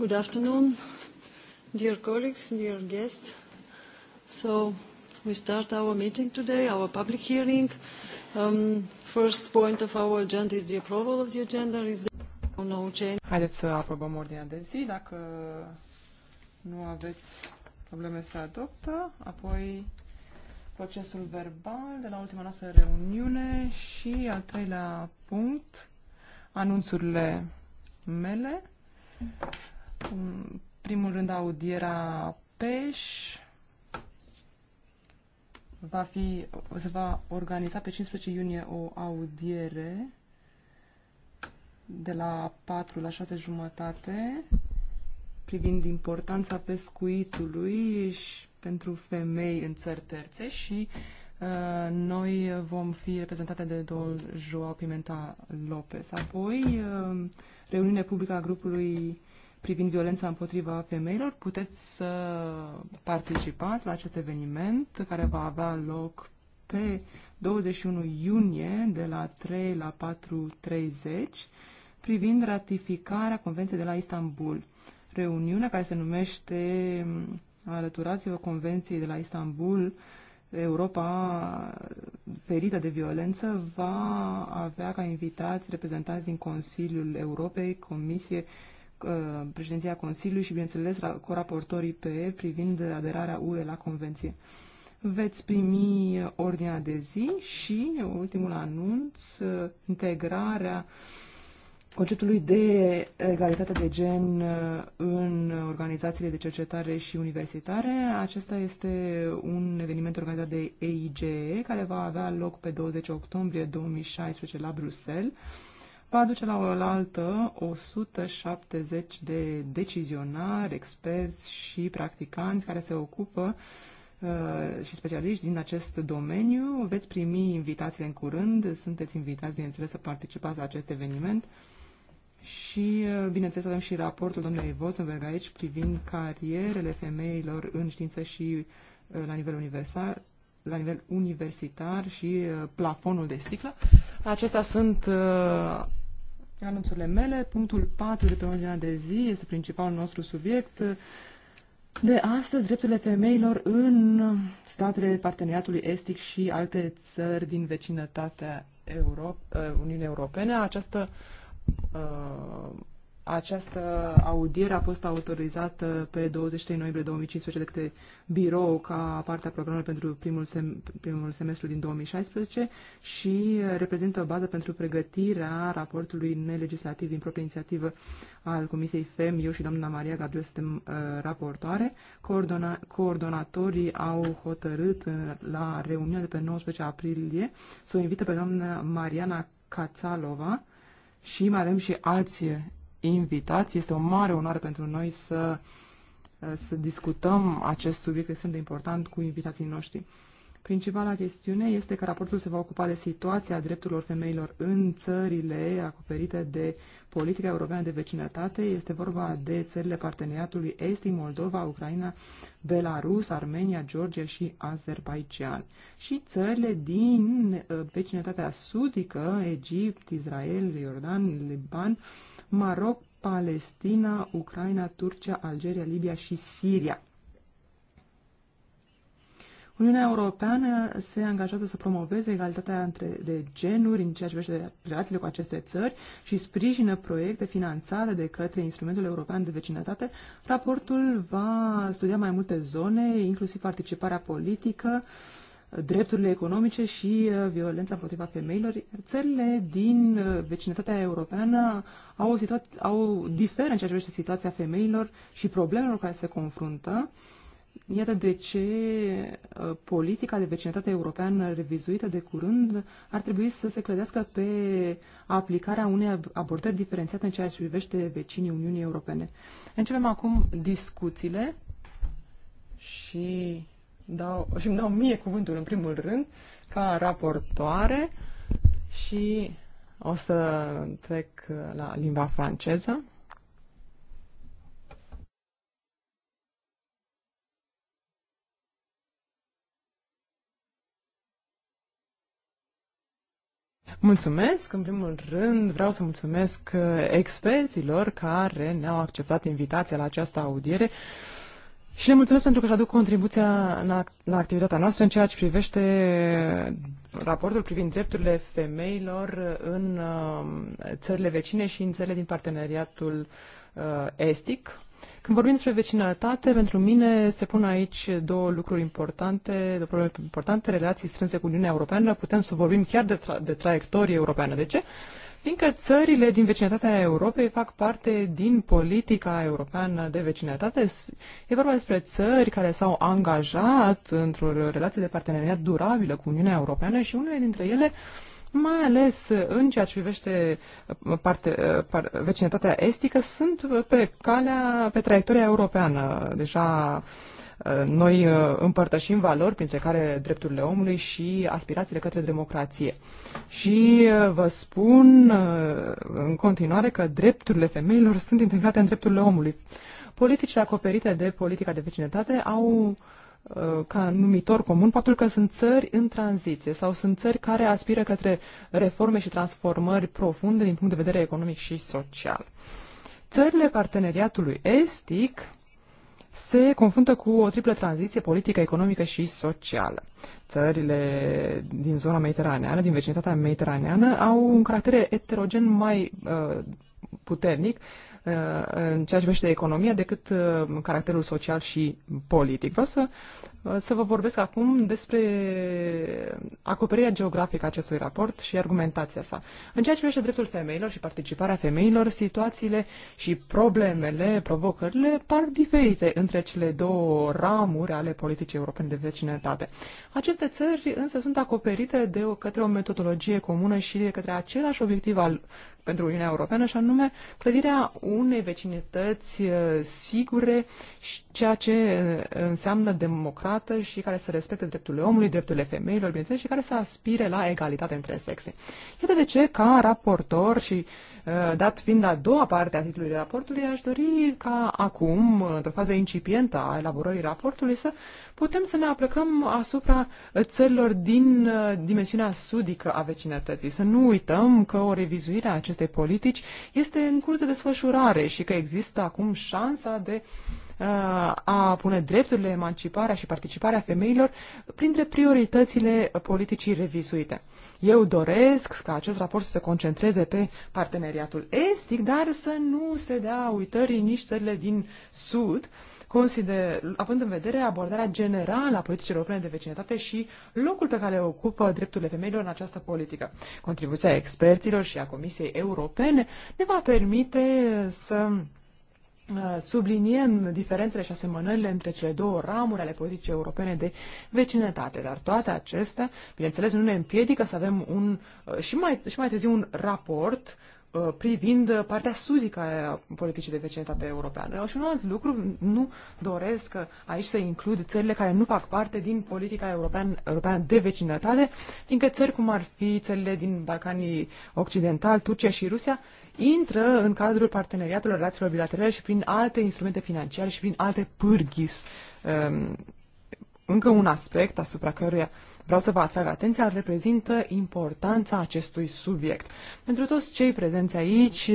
Good afternoon, dear colleagues, dear guests. So we start our meeting today, our public hearing. Um, first point of our agenda is the approval of the agenda. Is there no change? Haideți să aprobăm ordinea de zi. Dacă nu aveți probleme, să adoptă. Apoi procesul verbal de la ultima noastră reuniune și al treilea punct, anunțurile mele. În primul rând, audiera PEș va fi, se va organiza pe 15 iunie o audiere de la 4 la 6 jumătate privind importanța pescuitului și pentru femei în țări terțe și uh, noi vom fi reprezentate de domnul Joao Pimenta Lopez. Apoi, uh, reuniune publică a grupului privind violența împotriva femeilor. Puteți să participați la acest eveniment care va avea loc pe 21 iunie de la 3 la 4.30 privind ratificarea Convenției de la Istanbul. Reuniunea care se numește Alăturați-vă Convenției de la Istanbul Europa ferită de violență va avea ca invitați reprezentanți din Consiliul Europei, Comisie, Uh, președinția Consiliului și, bineînțeles, cu raportorii PE privind aderarea UE la Convenție. Veți primi ordinea de zi și, ultimul anunț, integrarea conceptului de egalitate de gen uh, în organizațiile de cercetare și universitare. Acesta este un eveniment organizat de EIGE care va avea loc pe 20 octombrie 2016 la Bruxelles va aduce la oaltă 170 de decizionari, experți și practicanți care se ocupă uh, și specialiști din acest domeniu. Veți primi invitațiile în curând, sunteți invitați, bineînțeles, să participați la acest eveniment. Și, uh, bineînțeles, avem și raportul domnului Vosenberg aici privind carierele femeilor în știință și uh, la nivel universal, la nivel universitar și plafonul de sticlă. Acestea sunt uh, anunțurile mele. Punctul 4 de pe ordinea de zi este principalul nostru subiect. De astăzi, drepturile femeilor în statele parteneriatului estic și alte țări din vecinătatea Euro- uh, Uniunii Europene. Această uh, această audiere a fost autorizată pe 23 noiembrie 2015 de către birou ca parte a programului pentru primul, sem- primul semestru din 2016 și reprezintă o bază pentru pregătirea raportului nelegislativ din proprie inițiativă al Comisiei FEM. Eu și doamna Maria Gabriel suntem uh, raportoare. Coordona- coordonatorii au hotărât uh, la reuniunea de pe 19 aprilie să o invită pe doamna Mariana Cațalova și mai avem și alții invitați. Este o mare onoare pentru noi să, să discutăm acest subiect extrem de important cu invitații noștri. Principala chestiune este că raportul se va ocupa de situația drepturilor femeilor în țările acoperite de politica europeană de vecinătate. Este vorba de țările parteneriatului Estic, Moldova, Ucraina, Belarus, Armenia, Georgia și Azerbaijan. Și țările din uh, vecinătatea sudică, Egipt, Israel, Iordan, Liban, Maroc, Palestina, Ucraina, Turcia, Algeria, Libia și Siria. Uniunea Europeană se angajează să promoveze egalitatea între de genuri în ceea ce privește relațiile cu aceste țări și sprijină proiecte finanțate de către Instrumentul European de Vecinătate. Raportul va studia mai multe zone, inclusiv participarea politică, drepturile economice și uh, violența împotriva femeilor. Țările din uh, vecinătatea europeană au, situa- au diferă în ceea ce privește situația femeilor și problemelor care se confruntă. Uh, Iată de ce uh, politica de vecinătate europeană revizuită de curând ar trebui să se clădească pe aplicarea unei abordări diferențiate în ceea ce privește vecinii Uniunii Europene. Începem acum discuțiile și, dau, și îmi dau mie cuvântul în primul rând ca raportoare și o să trec uh, la limba franceză. Mulțumesc, în primul rând, vreau să mulțumesc uh, experților care ne-au acceptat invitația la această audiere și le mulțumesc pentru că își aduc contribuția la, activitatea noastră în ceea ce privește raportul privind drepturile femeilor în uh, țările vecine și în țările din parteneriatul uh, estic. Când vorbim despre vecinătate, pentru mine se pun aici două lucruri importante, două probleme importante, relații strânse cu Uniunea Europeană. Putem să vorbim chiar de, tra- de traiectorie europeană. De ce? Fiindcă țările din vecinătatea Europei fac parte din politica europeană de vecinătate, e vorba despre țări care s-au angajat într-o relație de parteneriat durabilă cu Uniunea Europeană și unele dintre ele uh, mai ales în ceea ce privește uh, parte, uh, par, vecinătatea estică, sunt pe calea, pe traiectoria europeană. Deja uh, noi împărtășim valori, printre care drepturile omului și aspirațiile către democrație. Și vă spun în continuare că drepturile femeilor sunt integrate în drepturile omului. Politicile acoperite de politica de vecinătate au uh, Uh, ca numitor comun faptul că sunt țări în tranziție sau sunt țări care aspiră către reforme și transformări profunde din punct de vedere economic și social. Țările parteneriatului estic se confruntă cu o triplă tranziție politică, economică și socială. Țările din zona mediteraneană, din vecinătatea mediteraneană, au un caracter heterogen mai uh, puternic Uh, în ceea ce privește economia decât uh, caracterul social și politic. Vreau să Uh, să vă vorbesc acum despre acoperirea geografică a acestui raport și argumentația sa. În ceea ce privește dreptul femeilor și participarea femeilor, situațiile și problemele, provocările par diferite între cele două ramuri ale politicii europene de vecinătate. Aceste țări însă sunt acoperite de o, către o metodologie comună și de către același obiectiv al pentru Uniunea Europeană și anume clădirea unei vecinități uh, sigure, ceea ce uh, înseamnă democrație respectată și care să respecte drepturile omului, drepturile femeilor, bineînțeles, și care să aspire la egalitate între sexe. Iată de ce, ca raportor și uh, dat fiind a doua parte a titlului raportului, aș dori ca acum, într-o fază incipientă a elaborării raportului, să putem să ne aplicăm asupra țărilor din uh, dimensiunea sudică a vecinătății. Să nu uităm că o revizuire a acestei politici este în curs de desfășurare și că există acum șansa de a pune drepturile, emanciparea și participarea femeilor printre prioritățile politicii revizuite. Eu doresc ca acest raport să se concentreze pe parteneriatul estic, dar să nu se dea uitării nici țările din sud, consider, având în vedere abordarea generală a politicii europene de vecinătate și locul pe care le ocupă drepturile femeilor în această politică. Contribuția experților și a Comisiei Europene ne va permite să Uh, subliniem diferențele și asemănările între cele două ramuri ale politicii europene de vecinătate, dar toate acestea, bineînțeles, nu ne împiedică să avem un, uh, și mai, și mai târziu un raport uh, privind partea sudică a politicii de vecinătate europeană. Și un alt lucru, nu doresc aici să includ țările care nu fac parte din politica europeană, europeană de vecinătate, fiindcă țări cum ar fi țările din Balcanii Occidental, Turcia și Rusia, intră în cadrul parteneriatelor relațiilor bilaterale și prin alte instrumente financiare și prin alte pârghis. Um, încă un aspect asupra căruia vreau să vă atrag atenția reprezintă importanța acestui subiect. Pentru toți cei prezenți aici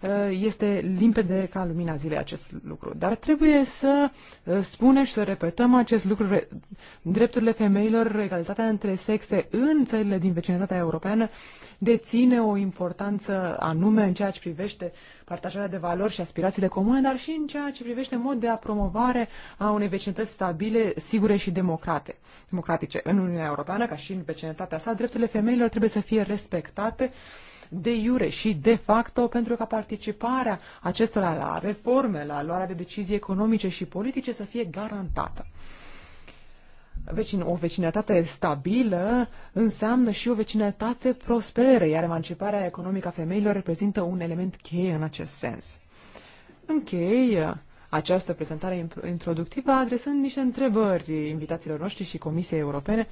Eh, este limpede ca lumina zilei acest lucru. Dar trebuie să eh, spunem și să repetăm acest lucru. Drepturile femeilor, egalitatea între sexe în țările din vecinătatea europeană deține o importanță anume în ceea ce privește partajarea de valori și aspirațiile comune, dar și în ceea ce privește mod de a promovare a unei vecinătăți stabile, sigure și democrate, democratice. În Uniunea Europeană, ca și în vecinătatea sa, drepturile femeilor trebuie să fie respectate de iure și de facto pentru ca participarea acestora la reforme, la luarea de decizii economice și politice să fie garantată o vecinătate stabilă înseamnă și o vecinătate prosperă, iar emanciparea economică a femeilor reprezintă un element cheie în acest sens. Închei această prezentare introductivă adresând niște întrebări invitațiilor noștri și Comisiei Europene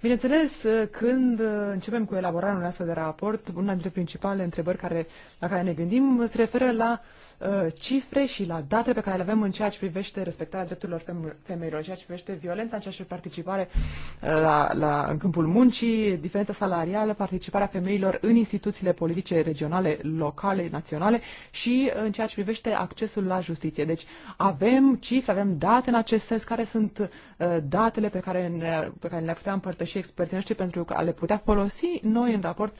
Bineînțeles, uh, când uh, începem cu elaborarea unui astfel de raport, una dintre principalele întrebări care, la care ne gândim se referă la uh, cifre și la date pe care le avem în ceea ce privește respectarea drepturilor femeilor, în ceea ce privește violența, în ceea ce participare uh, la, la, în câmpul muncii, diferența salarială, participarea femeilor în instituțiile politice regionale, locale, naționale și în ceea ce privește accesul la justiție. Deci avem cifre, avem date în acest sens, care sunt uh, datele pe care, ne, pe care le putea împărți împărtăși experții noștri pentru a le putea folosi noi în raport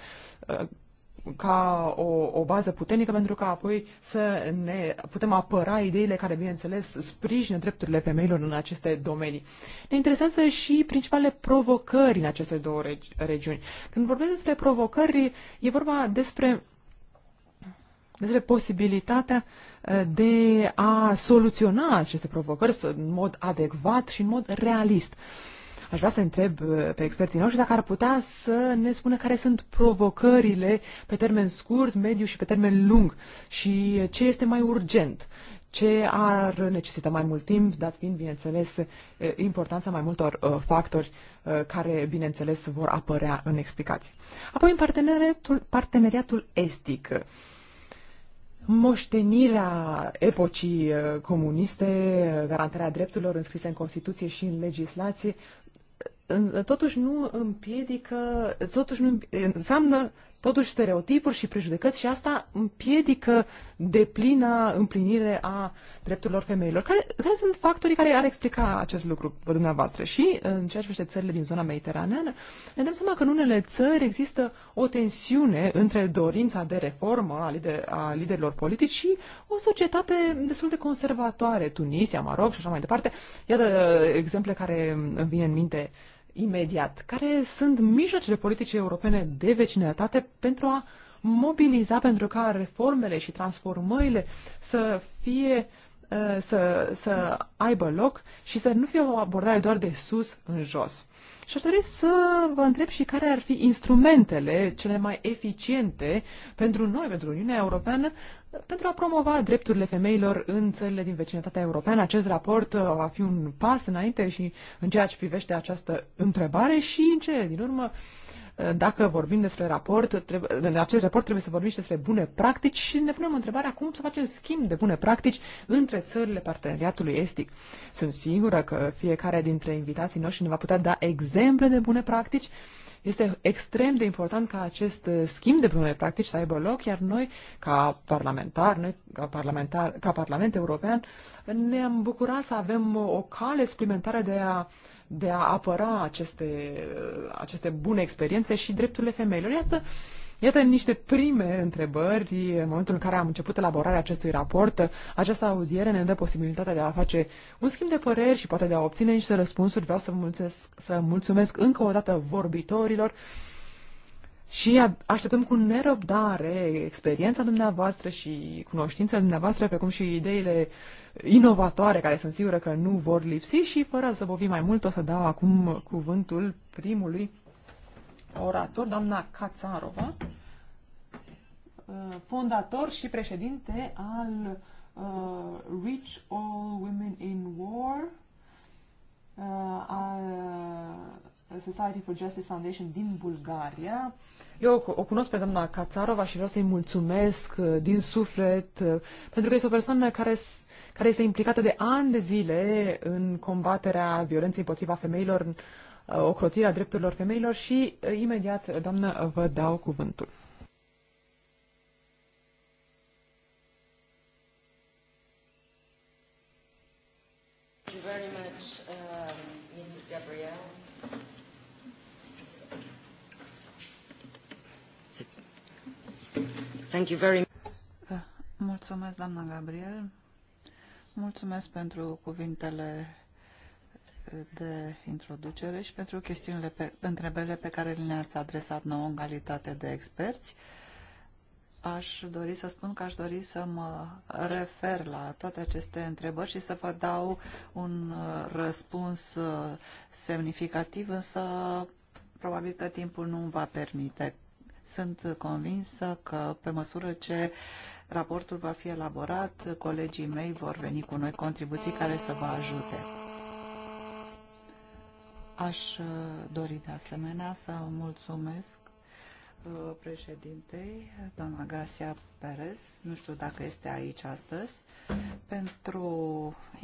uh, ca o, o bază puternică pentru ca apoi să ne putem apăra ideile care, bineînțeles, sprijină drepturile femeilor în aceste domenii. Ne interesează și principalele provocări în aceste două regi- regiuni. Când vorbesc despre provocări, e vorba despre despre posibilitatea uh, de a soluționa aceste provocări în mod adecvat și în mod realist. Uh, Aș vrea să întreb uh, pe experții noștri dacă ar putea să ne spună care sunt provocările pe termen scurt, mediu și pe termen lung și ce este mai urgent ce ar necesita mai mult timp, dat fiind, bineînțeles, uh, importanța mai multor uh, factori uh, care, bineînțeles, vor apărea în explicații. Apoi, în parteneriatul, parteneriatul estic, moștenirea epocii uh, comuniste, garantarea drepturilor înscrise în Constituție și în legislație, totuși nu împiedică, totuși nu înseamnă totuși stereotipuri și prejudecăți și asta împiedică deplina împlinire a drepturilor femeilor. Care, care sunt factorii care ar explica acest lucru pe dumneavoastră? Și în ceea ce privește țările din zona mediteraneană, ne dăm seama că în unele țări există o tensiune între dorința de reformă a, lider, a liderilor politici și o societate destul de conservatoare, Tunisia, Maroc și așa mai departe. Iată exemple care îmi vine în minte uh, imediat. Care sunt mijloacele politice europene de vecinătate pentru a mobiliza pentru ca reformele și transformările să fie uh, să, să aibă loc și să nu fie o abordare doar de sus în jos. Și aș dori să vă întreb și care ar fi instrumentele cele mai eficiente pentru noi, pentru Uniunea Europeană, pentru a promova drepturile femeilor în țările din vecinătatea europeană. Acest raport uh, va fi un pas înainte și în ceea ce privește această întrebare și în cele din urmă uh, dacă vorbim despre raport, trebuie, în acest raport trebuie să vorbim și despre bune practici și ne punem întrebarea cum să facem schimb de bune practici între țările parteneriatului estic. Sunt sigură că fiecare dintre invitații noștri ne va putea da exemple de bune practici este extrem de important ca acest schimb de bune practici să aibă loc, iar noi, ca parlamentar, noi, ca, parlamentar, ca Parlament European, ne-am bucurat să avem o cale suplimentară de a de a apăra aceste, aceste bune experiențe și drepturile femeilor. Iată, Iată niște prime întrebări în momentul în care am început elaborarea acestui raport. Această audiere ne dă posibilitatea de a face un schimb de păreri și poate de a obține niște răspunsuri. Vreau să mulțumesc, să mulțumesc încă o dată vorbitorilor și așteptăm cu nerăbdare experiența dumneavoastră și cunoștințele dumneavoastră, precum și ideile inovatoare, care sunt sigură că nu vor lipsi și fără să vorbim mai mult, o să dau acum cuvântul primului orator, doamna Cațarova, uh, fondator și președinte al uh, Reach All Women in War, uh, a, Uh, Society for Justice Foundation din Bulgaria. Eu o cunosc pe doamna Cațarova și vreau să-i mulțumesc uh, din suflet, uh, pentru că este o persoană care, care este implicată de ani de zile în combaterea violenței împotriva femeilor, ocrotirea drepturilor femeilor și imediat, doamnă, vă dau cuvântul. Eh, mulțumesc, doamna Gabriel. Mulțumesc pentru cuvintele eh, de introducere și pentru chestiunile pe, întrebările pe care le-ați adresat nouă în calitate de experți. Aș dori să spun că aș dori să mă refer la toate aceste întrebări și să vă dau un eh, răspuns semnificativ, însă probabil că timpul nu îmi va permite. Sunt convinsă că pe măsură ce raportul va fi elaborat, colegii mei vor veni cu noi contribuții care să vă ajute. Aș uh, dori de asemenea să mulțumesc uh, președintei, doamna Garcia Perez, nu știu dacă este aici astăzi, pentru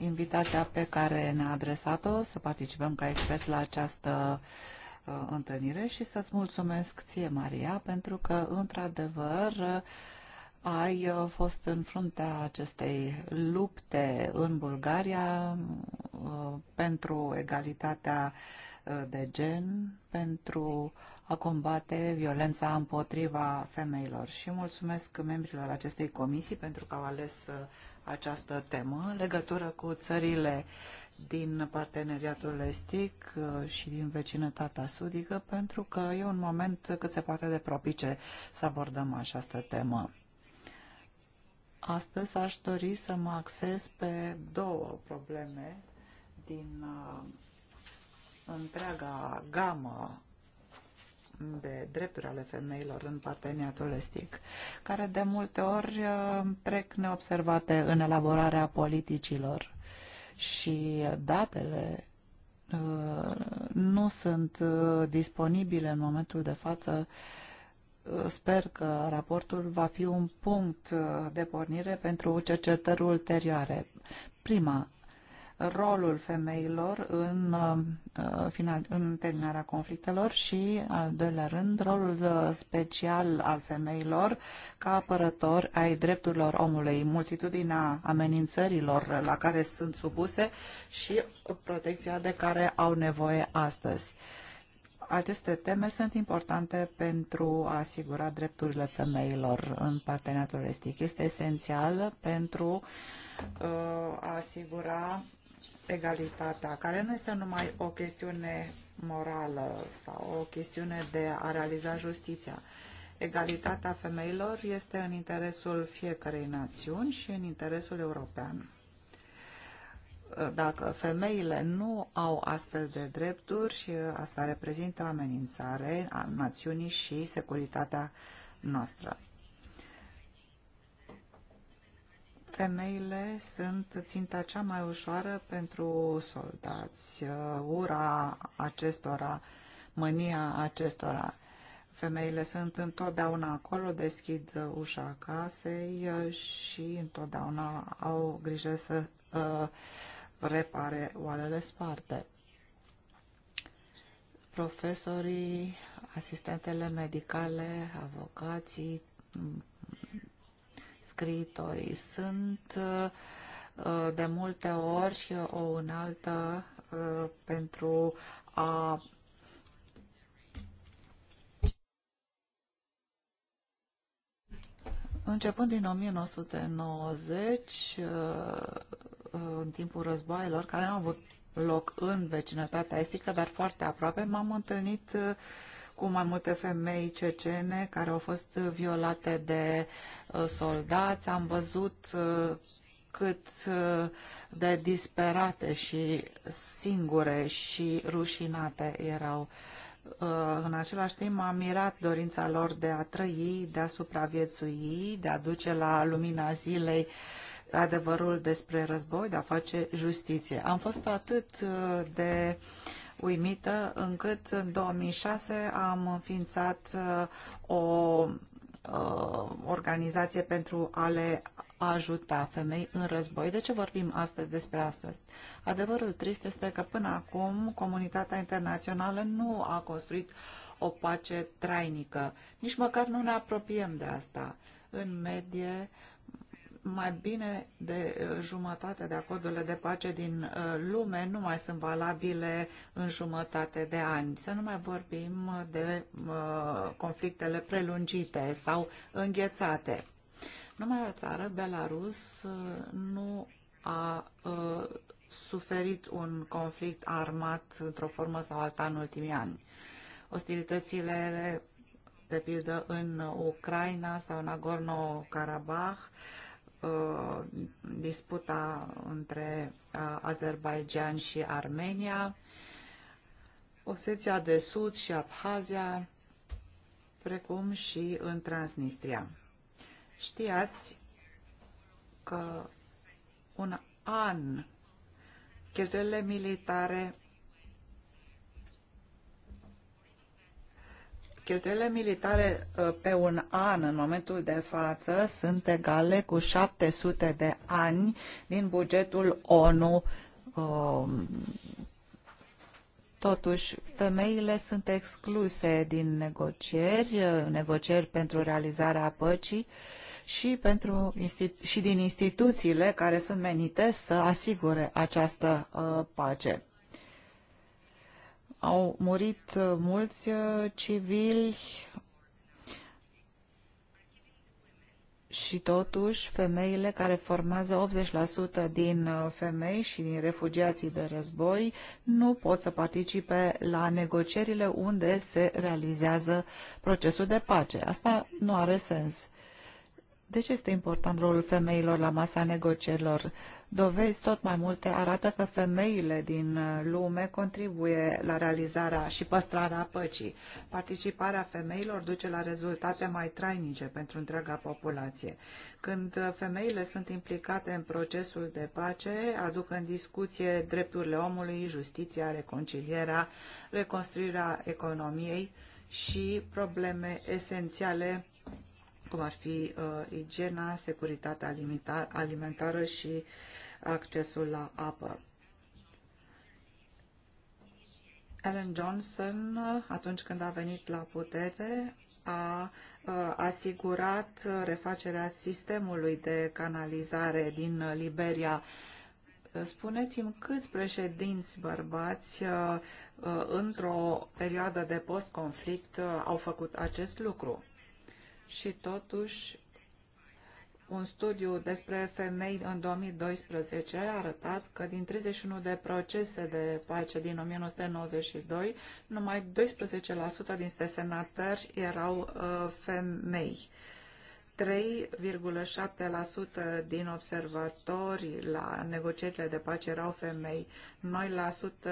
invitația pe care ne-a adresat-o să participăm ca expres la această uh, uh, întâlnire și să-ți mulțumesc ție, Maria, pentru că, într-adevăr, uh, ai uh, fost în fruntea acestei lupte în Bulgaria uh, pentru egalitatea uh, de gen, pentru a combate violența împotriva femeilor. Și mulțumesc membrilor acestei comisii pentru că au ales uh, această temă în legătură cu țările din parteneriatul estic uh, și din vecinătatea sudică, pentru că e un moment cât se poate de propice să abordăm această temă. Astăzi aș dori să mă acces pe două probleme din uh, întreaga gamă de drepturi ale femeilor în parteneriatul estic, care de multe ori uh, trec neobservate în elaborarea politicilor și datele uh, nu sunt uh, disponibile în momentul de față. Sper că raportul va fi un punct de pornire pentru cercetări ulterioare. Prima rolul femeilor în, uh, final, în terminarea conflictelor și, al doilea rând, rolul uh, special al femeilor ca apărători ai drepturilor omului, multitudinea amenințărilor la care sunt supuse și protecția de care au nevoie astăzi aceste teme sunt importante pentru a asigura drepturile femeilor în parteneriatul estic. Este esențial pentru uh, a asigura egalitatea, care nu este numai o chestiune morală sau o chestiune de a realiza justiția. Egalitatea femeilor este în interesul fiecărei națiuni și în interesul european. Dacă femeile nu au astfel de drepturi, asta reprezintă o amenințare a națiunii și securitatea noastră. Femeile sunt ținta cea mai ușoară pentru soldați, uh, ura acestora, mânia acestora. Femeile sunt întotdeauna acolo, deschid uh, ușa casei uh, și întotdeauna au grijă să uh, repare oalele sparte. Profesorii, asistentele medicale, avocații, scriitorii sunt uh, de multe ori o înaltă uh, pentru a Începând din 1990, uh, în timpul războaielor, care nu au avut loc în vecinătatea estică, dar foarte aproape, m-am întâlnit cu mai multe femei cecene care au fost violate de uh, soldați. Am văzut uh, cât uh, de disperate și singure și rușinate erau. În același timp am mirat dorința lor de a trăi, de a supraviețui, de a duce la lumina zilei adevărul despre război, de a face justiție. Am fost atât de uh, uimită încât în 2006 am înființat uh, o uh, organizație pentru a le ajuta femei în război. De ce vorbim astăzi despre asta? Adevărul trist este că până acum comunitatea internațională nu a construit o pace trainică. Nici măcar nu ne apropiem de asta. În medie, mai bine de uh, jumătate de acordurile de pace din uh, lume nu mai sunt valabile în jumătate de ani. Să nu mai vorbim de uh, conflictele prelungite sau înghețate. Numai o țară, Belarus, nu a suferit un conflict armat într-o formă sau alta în ultimii ani. Ostilitățile de pildă în Ucraina sau Nagorno-Karabakh, Uh, disputa între Azerbaidjan uh, Azerbaijan și Armenia, Oseția de Sud și Abhazia, precum și în Transnistria. Știați că un an cheltuielile militare Cheltuielile militare uh, pe un an în momentul de față sunt egale cu 700 de ani din bugetul ONU. Um, totuși, femeile sunt excluse din negocieri, uh, negocieri pentru realizarea păcii și, pentru, și din instituțiile care sunt menite să asigure această uh, pace au murit uh, mulți uh, civili și totuși femeile care formează 80% din uh, femei și din refugiații de război nu pot să participe la negocierile unde se realizează procesul de pace. Asta nu are sens. De ce este important rolul femeilor la masa negocierilor? Dovezi tot mai multe arată că femeile din lume contribuie la realizarea și păstrarea păcii. Participarea femeilor duce la rezultate mai trainice pentru întreaga populație. Când femeile sunt implicate în procesul de pace, aduc în discuție drepturile omului, justiția, reconcilierea, reconstruirea economiei și probleme esențiale cum ar fi uh, igiena, securitatea alimentară și accesul la apă. Ellen Johnson, atunci când a venit la putere, a uh, asigurat refacerea sistemului de canalizare din Liberia. Spuneți-mi câți președinți bărbați uh, uh, într-o perioadă de post-conflict au făcut acest lucru? și totuși un studiu despre femei în 2012 a arătat că din 31 de procese de pace din 1992, numai 12% din desemnatări erau uh, femei. Uh, 3,7% din observatori la negocierile de pace erau femei,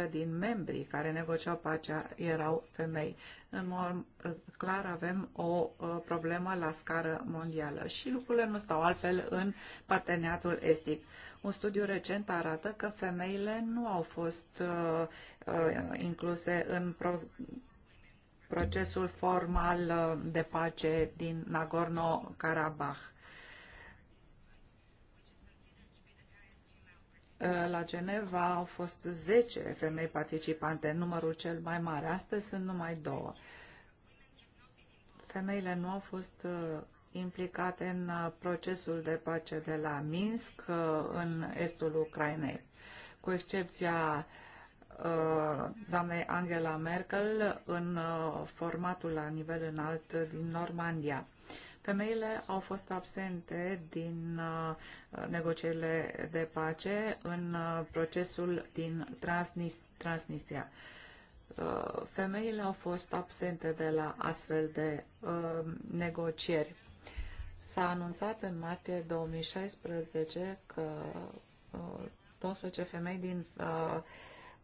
9% din membrii care negociau pacea erau femei. În mod uh, clar avem o uh, problemă la scară mondială și lucrurile nu stau altfel în parteneriatul estic. Un studiu recent arată că femeile nu au fost uh, uh, incluse în pro procesul formal uh, de pace din Nagorno-Karabakh. Uh, la Geneva au fost 10 femei participante, numărul cel mai mare. Astăzi sunt numai două. Femeile nu au fost uh, implicate în procesul de pace de la Minsk, în estul Ucrainei. Cu excepția uh, Uh, doamnei Angela Merkel în uh, formatul la nivel înalt din Normandia. Femeile au fost absente din uh, negocierile de pace în procesul din Transnistria. Femeile au fost absente de la astfel de negocieri. S-a anunțat în martie 2016 că 12 femei din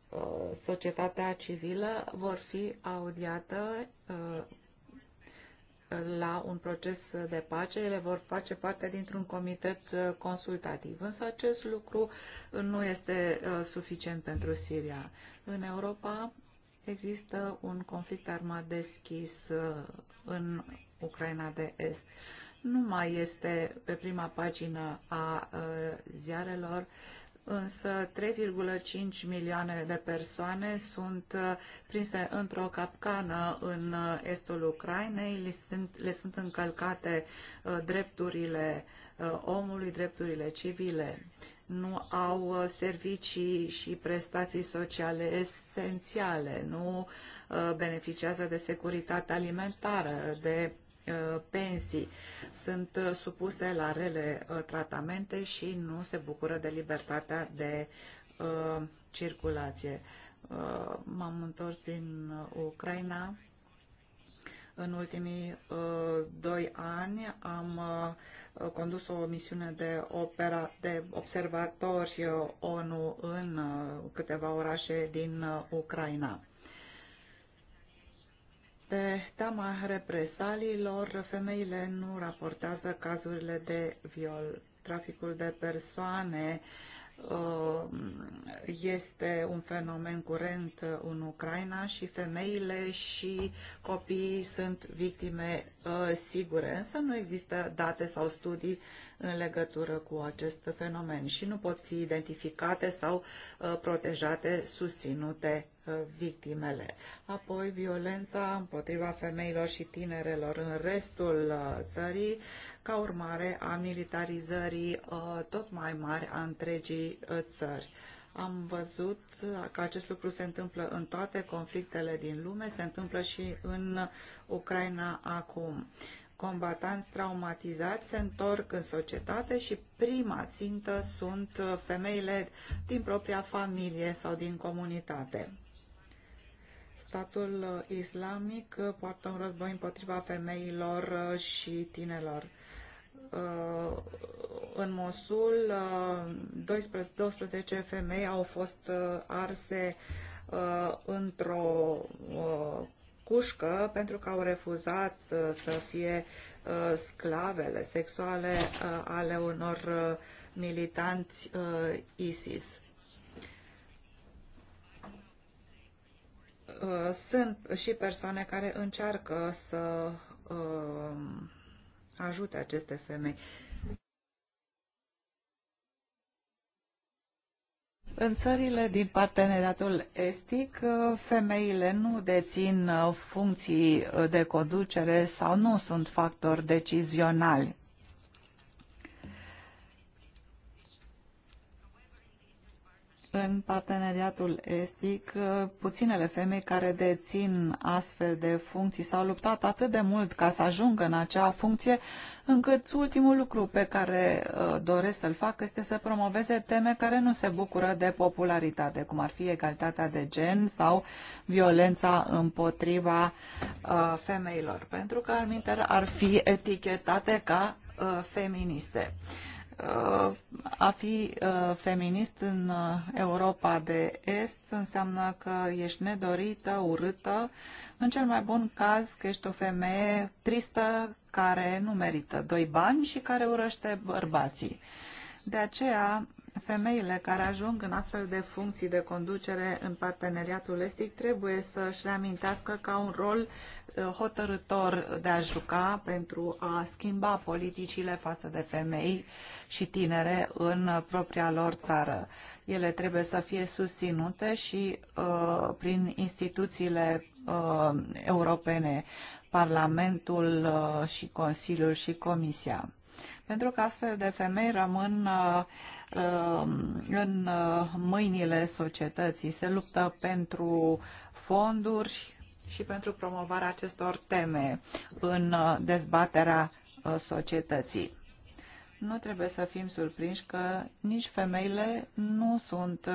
Uh, societatea civilă vor fi audiată uh, la un proces de pace, ele vor face parte dintr-un comitet uh, consultativ. Însă acest lucru nu este suficient pentru Siria. În Europa există un conflict armat deschis în Ucraina de Est. Nu mai este pe prima pagină a ziarelor însă 3,5 milioane de persoane sunt uh, prinse într-o capcană în uh, estul Ucrainei, le sunt, le sunt încălcate uh, drepturile omului, drepturile civile. Nu au servicii și prestații sociale esențiale, nu beneficiază de securitate alimentară, de Uh, pensii. Sunt uh, supuse la rele uh, tratamente și nu se bucură de libertatea de circulație. M-am întors din Ucraina în ultimii doi ani am condus o misiune de, opera, de observatori ONU în câteva orașe din Ucraina de teama represaliilor, femeile nu raportează cazurile de viol. Traficul de persoane uh, este un fenomen curent în Ucraina și femeile și copiii sunt victime uh, sigure, însă nu există date sau studii în legătură cu acest fenomen și nu pot fi identificate sau uh, protejate, susținute Uh, victimele. Apoi violența împotriva femeilor și tinerelor în restul uh, țării, ca urmare a militarizării uh, tot mai mari a întregii țări. Am văzut că acest lucru se întâmplă în toate conflictele din lume, se întâmplă și în Ucraina acum. Combatanți traumatizați se întorc în societate și prima țintă sunt femeile din propria familie sau din comunitate statul uh, islamic uh, poartă un război împotriva femeilor uh, și tinerilor. În Mosul, 12, 12 femei au fost arse într-o cușcă pentru că au refuzat să fie sclavele sexuale ale unor militanți ISIS uh, sunt și persoane care încearcă să uh, ajute aceste femei. În țările din parteneriatul estic, uh, femeile nu dețin uh, funcții uh, de conducere sau nu sunt factori decizionali În parteneriatul estic, uh, puținele femei care dețin astfel de funcții s-au luptat atât de mult ca să ajungă în acea funcție, încât ultimul lucru pe care uh, doresc să-l fac este să promoveze teme care nu se bucură de popularitate, cum ar fi egalitatea de gen sau violența împotriva uh, femeilor, pentru că, al ar fi etichetate ca feministe. Uh, a fi uh, feminist în uh, Europa de Est înseamnă că ești nedorită, urâtă, în cel mai bun caz că ești o femeie tristă care nu merită doi bani și care urăște bărbații. De aceea Femeile care ajung în astfel de funcții de conducere în parteneriatul estic trebuie să-și reamintească ca un rol uh, hotărător de a juca pentru a schimba politicile față de femei și tinere în propria lor țară. Ele trebuie să fie susținute și uh, prin instituțiile uh, europene, Parlamentul uh, și Consiliul și Comisia pentru că astfel de femei rămân uh, um, în uh, mâinile societății. Se luptă pentru fonduri și pentru promovarea acestor teme în uh, dezbaterea societății. Nu trebuie să fim surprinși că nici femeile nu sunt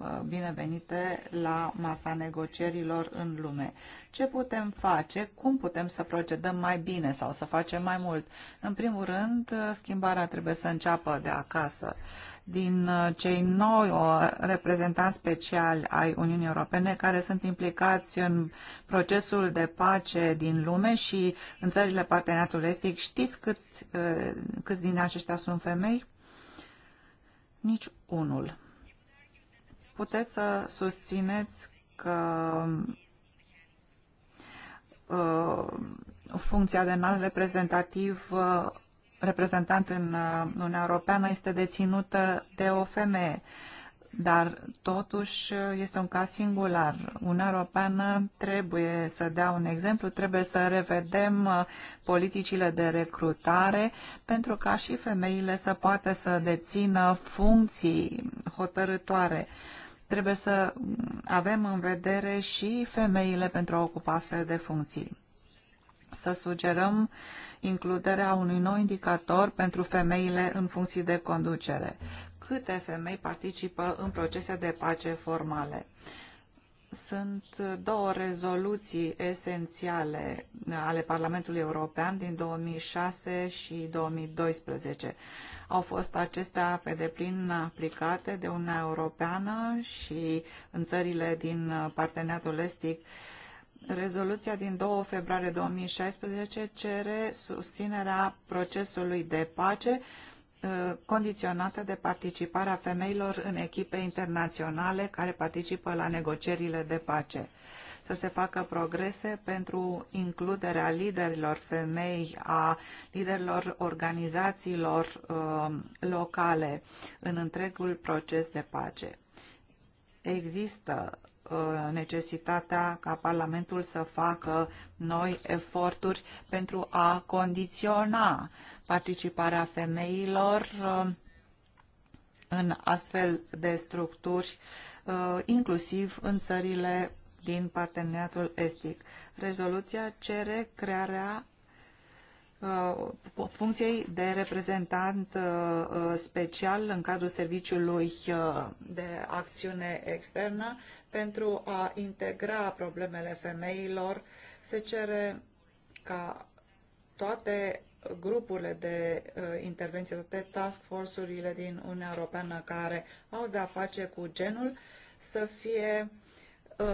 Uh, binevenite la masa negocierilor în lume. Ce putem face? Cum putem să procedăm mai bine sau să facem mai mult? În primul rând, uh, schimbarea trebuie să înceapă de acasă. Din uh, cei noi reprezentanți speciali ai Uniunii Europene care sunt implicați în procesul de pace din lume și în țările parteneriatului estic, știți cât, câți din aceștia sunt femei? Nici unul puteți să susțineți că uh, funcția de înalt reprezentativ uh, reprezentant în uh, Uniunea Europeană este deținută de o femeie. Dar totuși este un caz singular. Uniunea Europeană trebuie să dea un exemplu, trebuie să revedem politicile de recrutare pentru ca și femeile să poată să dețină funcții hotărătoare. Uh, Trebuie să avem în vedere și femeile pentru a ocupa astfel de funcții. Să sugerăm includerea unui nou indicator pentru femeile în funcții de conducere. Câte femei participă în procese de pace formale? Uh, sunt două rezoluții esențiale ale Parlamentului European din 2006 și 2012. Au fost acestea pe deplin aplicate de Uniunea Europeană și în țările din parteneriatul estic. Rezoluția din 2 februarie 2016 cere susținerea procesului de pace Uh, condiționată de participarea femeilor în echipe internaționale care participă la negocierile de pace. Să se facă progrese pentru includerea liderilor femei, a liderilor organizațiilor uh, locale în întregul proces de pace. Există Uh, necesitatea ca Parlamentul să facă noi eforturi pentru a condiționa participarea femeilor uh, în astfel de structuri, uh, inclusiv în țările din parteneriatul estic. Rezoluția cere crearea Uh, funcției de reprezentant uh, uh, special în cadrul Serviciului de Acțiune Externă pentru a integra problemele femeilor. Se cere ca toate grupurile de intervenție, toate task force-urile din Uniunea Europeană care au de-a face cu genul să fie uh, Uh,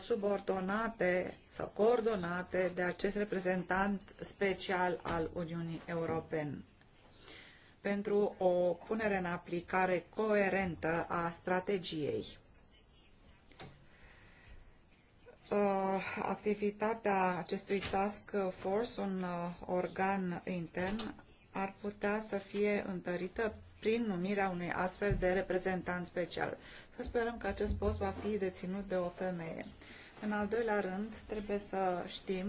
subordonate sau coordonate de acest reprezentant special al Uniunii Europene pentru o punere în aplicare coerentă a strategiei. Uh, activitatea acestui task force, un uh, organ intern, ar putea să fie întărită prin numirea unui astfel de reprezentant special. Să sperăm că acest post va fi deținut de o femeie. În al doilea rând, trebuie să știm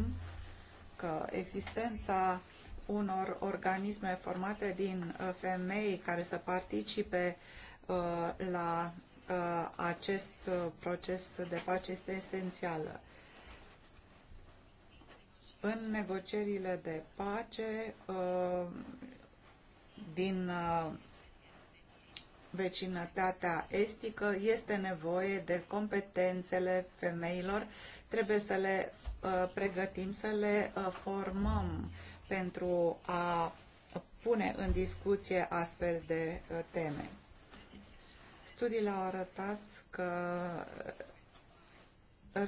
că existența unor organisme formate din uh, femei care să participe uh, la uh, acest proces de pace este esențială. În negocierile de pace din vecinătatea estică, este nevoie de competențele femeilor, trebuie să le uh, pregătim, să le uh, formăm pentru a pune în discuție astfel de uh, teme. Studiile au arătat că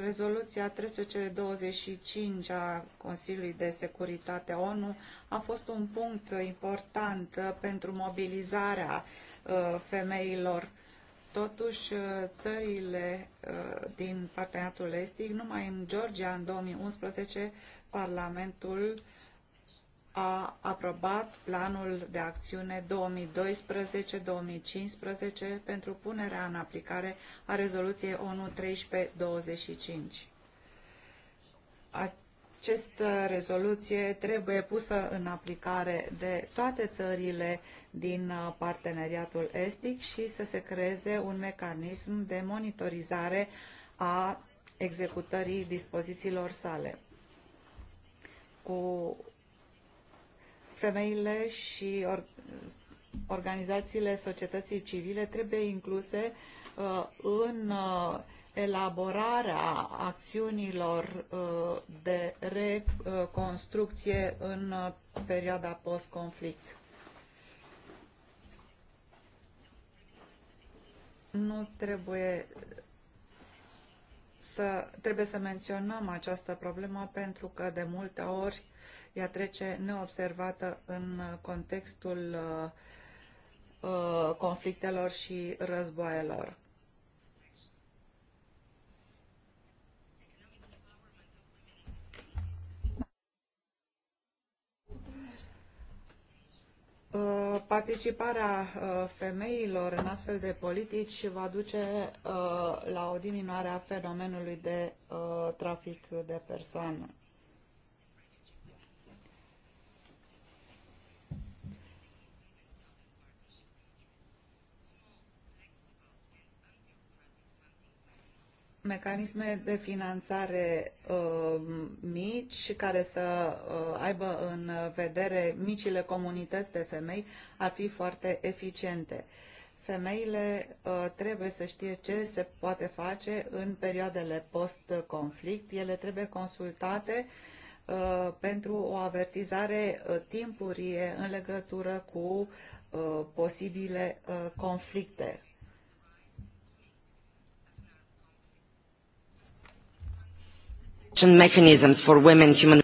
Rezoluția 325 a Consiliului de Securitate ONU a fost un punct important uh, pentru mobilizarea uh, femeilor. Totuși, uh, țările din parteneriatul estic, numai în Georgia, în 2011, Parlamentul a aprobat planul de acțiune 2012-2015 pentru punerea în aplicare a rezoluției ONU 1325. Această rezoluție trebuie pusă în aplicare de toate țările din uh, parteneriatul estic și să se creeze un mecanism de monitorizare a executării dispozițiilor sale. Cu femeile și or, organizațiile societății civile trebuie incluse uh, în uh, elaborarea acțiunilor uh, de reconstrucție în uh, perioada post-conflict. Nu trebuie să, trebuie să menționăm această problemă pentru că de multe ori ea trece neobservată în uh, contextul uh, uh, conflictelor și războaielor. participarea femeilor în astfel de politici va duce la o diminuare a fenomenului de trafic de persoane. mecanisme de finanțare uh, mici care să uh, aibă în vedere micile comunități de femei ar fi foarte eficiente. Femeile uh, trebuie să știe ce se poate face în perioadele post-conflict. Ele trebuie consultate uh, pentru o avertizare uh, timpurie în legătură cu uh, posibile conflicte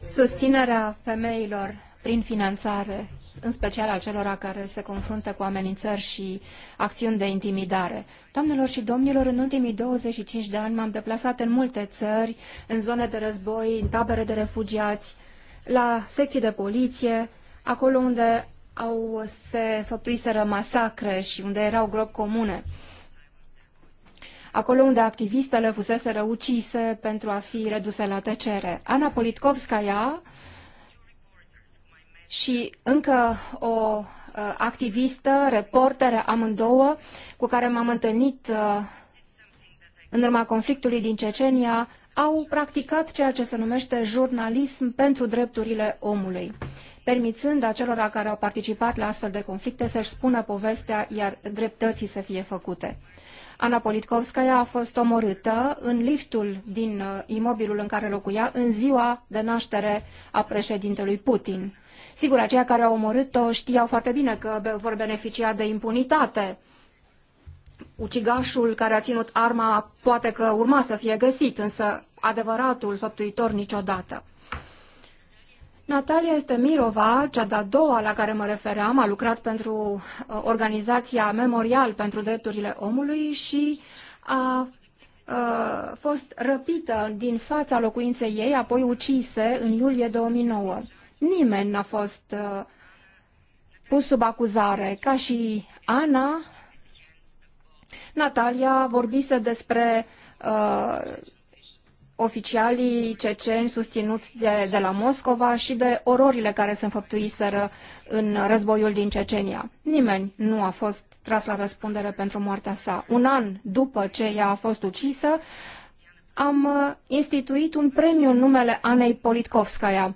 Susținerea femeilor prin finanțare, în special a celora care se confruntă cu amenințări și acțiuni de intimidare. Doamnelor și domnilor, în ultimii 25 de ani m-am deplasat în multe țări, în zone de război, în tabere de refugiați, la secții de poliție, acolo unde au se făptuiseră masacre și unde erau gropi comune acolo unde activistele fuseseră ucise pentru a fi reduse la tăcere. Ana Politkovskaya și încă o uh, activistă, reportere, amândouă, cu care m-am întâlnit uh, în urma conflictului din Cecenia, au practicat ceea ce se numește jurnalism pentru drepturile omului, permițând acelora care au participat la astfel de conflicte să-și spună povestea, iar dreptății să fie făcute. Ana Politkovskaya a fost omorâtă în liftul din uh, imobilul în care locuia în ziua de naștere a președintelui Putin. Sigur, aceia care au omorât-o știau foarte bine că vor beneficia de impunitate. Ucigașul care a ținut arma poate că urma să fie găsit, însă adevăratul făptuitor niciodată. Natalia este Mirova, cea de-a doua la care mă refeream, a lucrat pentru uh, organizația Memorial pentru Drepturile Omului și a a uh, fost răpită din fața locuinței ei, apoi ucise în iulie 2009. Nimeni n-a fost uh, pus sub acuzare. Ca și Ana, Natalia vorbise despre uh, oficialii ceceni susținuți de, de la Moscova și de ororile care se înfăptuiseră în războiul din Cecenia. Nimeni nu a fost tras la răspundere pentru moartea sa. Un an după ce ea a fost ucisă, am uh, instituit un premiu în numele Anei Politkovskaya,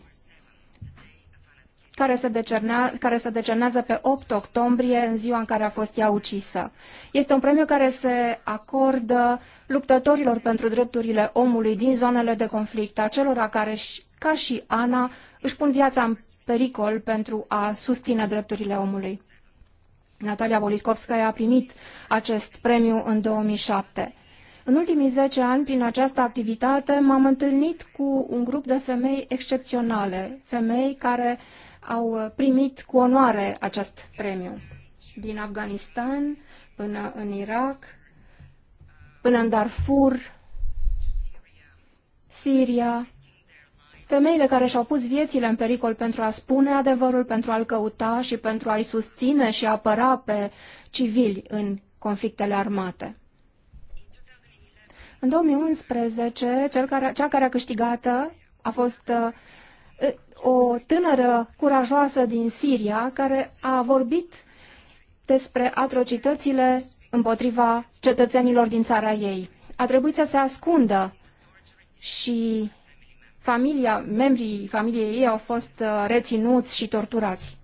care se, decernea, care se decernează pe 8 octombrie, în ziua în care a fost ea ucisă. Este un premiu care se acordă luptătorilor pentru drepturile omului din zonele de conflict, acelora care, ca și Ana, își pun viața în pericol pentru a susține drepturile omului. Natalia Bolitkovskaya a primit acest premiu în 2007. În ultimii zece ani, prin această activitate, m-am întâlnit cu un grup de femei excepționale, femei care au uh, primit cu onoare acest premiu. Din Afganistan până în Irak, până în Darfur, Siria, femeile care și-au pus viețile în pericol pentru a spune adevărul, pentru a-l căuta și pentru a-i susține și apăra pe civili în conflictele armate. În 2011, cel care, cea care a câștigat a fost uh, o tânără curajoasă din Siria care a vorbit despre atrocitățile împotriva cetățenilor din țara ei. A trebuit să se ascundă și familia, membrii familiei ei au fost uh, reținuți și torturați.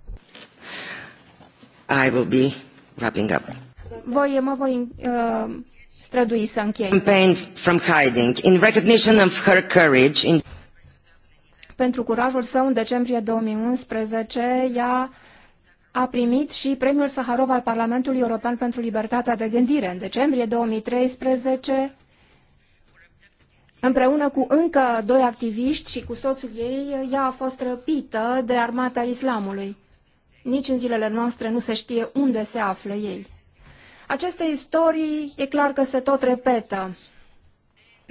I will be wrapping up. Voi, mă voi uh, strădui să închei. Campaign from hiding in recognition of her courage in pentru curajul său, în decembrie 2011, ea a primit și premiul Saharov al Parlamentului European pentru Libertatea de Gândire. În decembrie 2013, împreună cu încă doi activiști și cu soțul ei, ea a fost răpită de armata islamului. Nici în zilele noastre nu se știe unde se află ei. Aceste istorii e clar că se tot repetă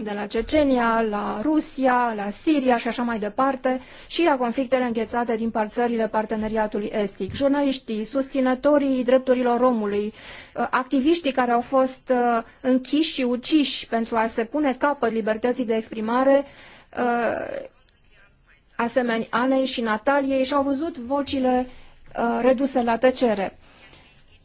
de la Cecenia, la Rusia, la Siria și așa mai departe, și la conflictele înghețate din țările parteneriatului estic. Jurnaliștii, susținătorii drepturilor omului, uh, activiștii care au fost uh, închiși și uciși pentru a se pune capăt libertății de exprimare, uh, asemeni Anei și Nataliei, și-au văzut vocile reduse la tăcere.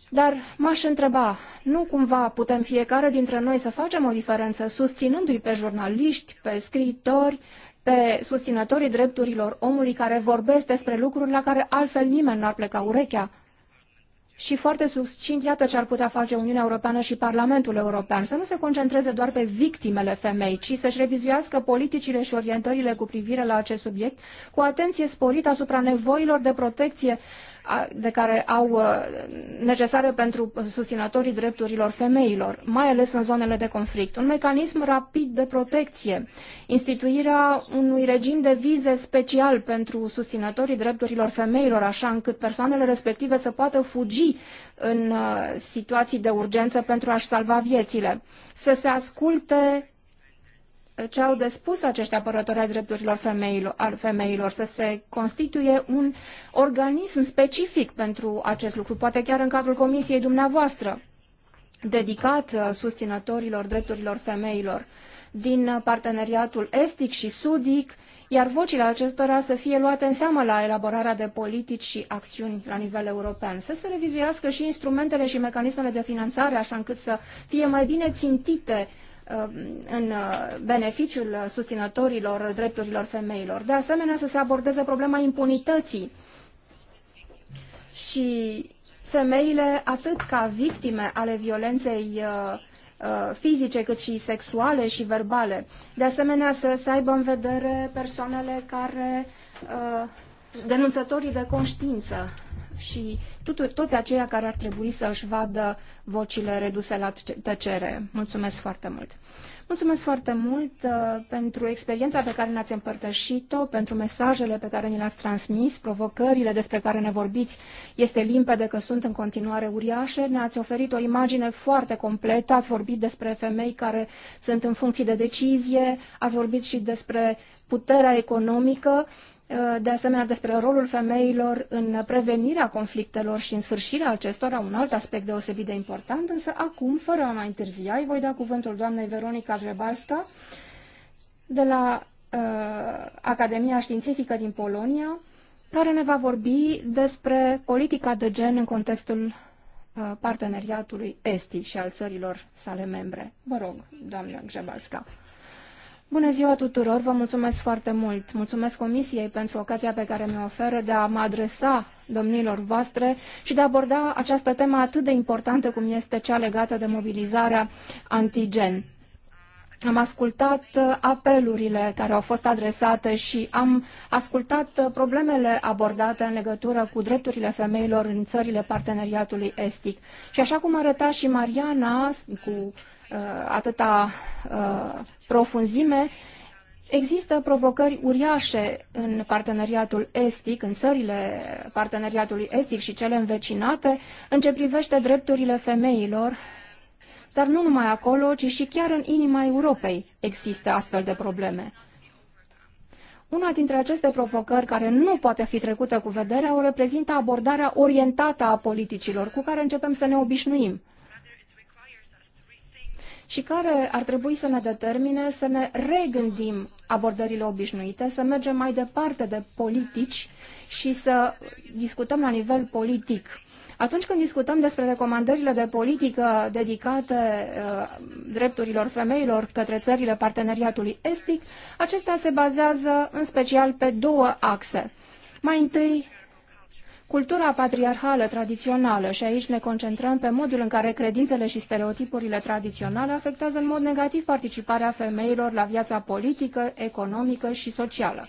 Dar m-aș întreba, nu cumva putem fiecare dintre noi să facem o diferență susținându-i pe jurnaliști, pe scriitori, pe susținătorii drepturilor omului care vorbesc despre lucruri la care altfel nimeni n-ar pleca urechea? Și foarte succint, iată ce ar putea face Uniunea Europeană și Parlamentul European, să nu se concentreze doar pe victimele femei, ci să-și revizuiască politicile și orientările cu privire la acest subiect, cu atenție sporită asupra nevoilor de protecție de care au uh, necesare pentru susținătorii drepturilor femeilor, mai ales în zonele de conflict. Un mecanism rapid de protecție, instituirea unui regim de vize special pentru susținătorii drepturilor femeilor, așa încât persoanele respective să poată fugi în uh, situații de urgență pentru a-și salva viețile, să se asculte ce au de spus acești apărători ai drepturilor femeilor, al femeilor, să se constituie un organism specific pentru acest lucru, poate chiar în cadrul comisiei dumneavoastră, dedicat uh, susținătorilor drepturilor femeilor din uh, parteneriatul estic și sudic, iar vocile acestora să fie luate în seamă la elaborarea de politici și acțiuni la nivel european, să se revizuiască și instrumentele și mecanismele de finanțare, așa încât să fie mai bine țintite uh, Um, în uh, beneficiul susținătorilor drepturilor femeilor. De asemenea, să se abordeze problema impunității și femeile atât ca victime ale violenței uh, uh, fizice, cât și sexuale și verbale. De asemenea, să, se aibă în vedere persoanele care, denunțătorii de conștiință, și tutur, toți aceia care ar trebui să își vadă vocile reduse la tăcere. Mulțumesc foarte mult! Mulțumesc foarte mult uh, pentru experiența pe care ne-ați împărtășit-o, pentru mesajele pe care ni le-ați transmis, provocările despre care ne vorbiți. Este limpede că sunt în continuare uriașe. Ne-ați oferit o imagine foarte completă. Ați vorbit despre femei care sunt în funcții de decizie, ați vorbit și despre puterea economică Uh, de asemenea, despre rolul femeilor în prevenirea conflictelor și în sfârșirea acestora, un alt aspect deosebit de important, însă acum, fără a mai întârzia, îi voi da cuvântul doamnei Veronica Grebalska de la uh, Academia Științifică din Polonia, care ne va vorbi despre politica de gen în contextul uh, parteneriatului estic și al țărilor sale membre. Vă rog, doamna Grebalska. Bună ziua tuturor, vă mulțumesc foarte mult. Mulțumesc Comisiei pentru ocazia pe care mi-o oferă de a mă adresa domnilor voastre și de a aborda această temă atât de importantă cum este cea legată de mobilizarea antigen. Am ascultat apelurile care au fost adresate și am ascultat problemele abordate în legătură cu drepturile femeilor în țările parteneriatului estic. Și așa cum arăta și Mariana, cu Uh, atâta uh, profunzime, Există provocări uriașe în parteneriatul estic, în țările parteneriatului estic și cele învecinate, în ce privește drepturile femeilor, dar nu numai acolo, ci și chiar în inima Europei există astfel de probleme. Una dintre aceste provocări care nu poate fi trecută cu vederea o reprezintă abordarea orientată a politicilor, cu care începem să ne obișnuim și care ar trebui să ne determine să ne regândim abordările obișnuite, să mergem mai departe de politici și să discutăm la nivel politic. Atunci când discutăm despre recomandările de politică dedicate uh, drepturilor femeilor către țările parteneriatului estic, acestea se bazează în special pe două axe. Mai întâi, Cultura patriarhală tradițională, și aici ne concentrăm pe modul în care credințele și stereotipurile tradiționale afectează în mod negativ participarea femeilor la viața politică, economică și socială.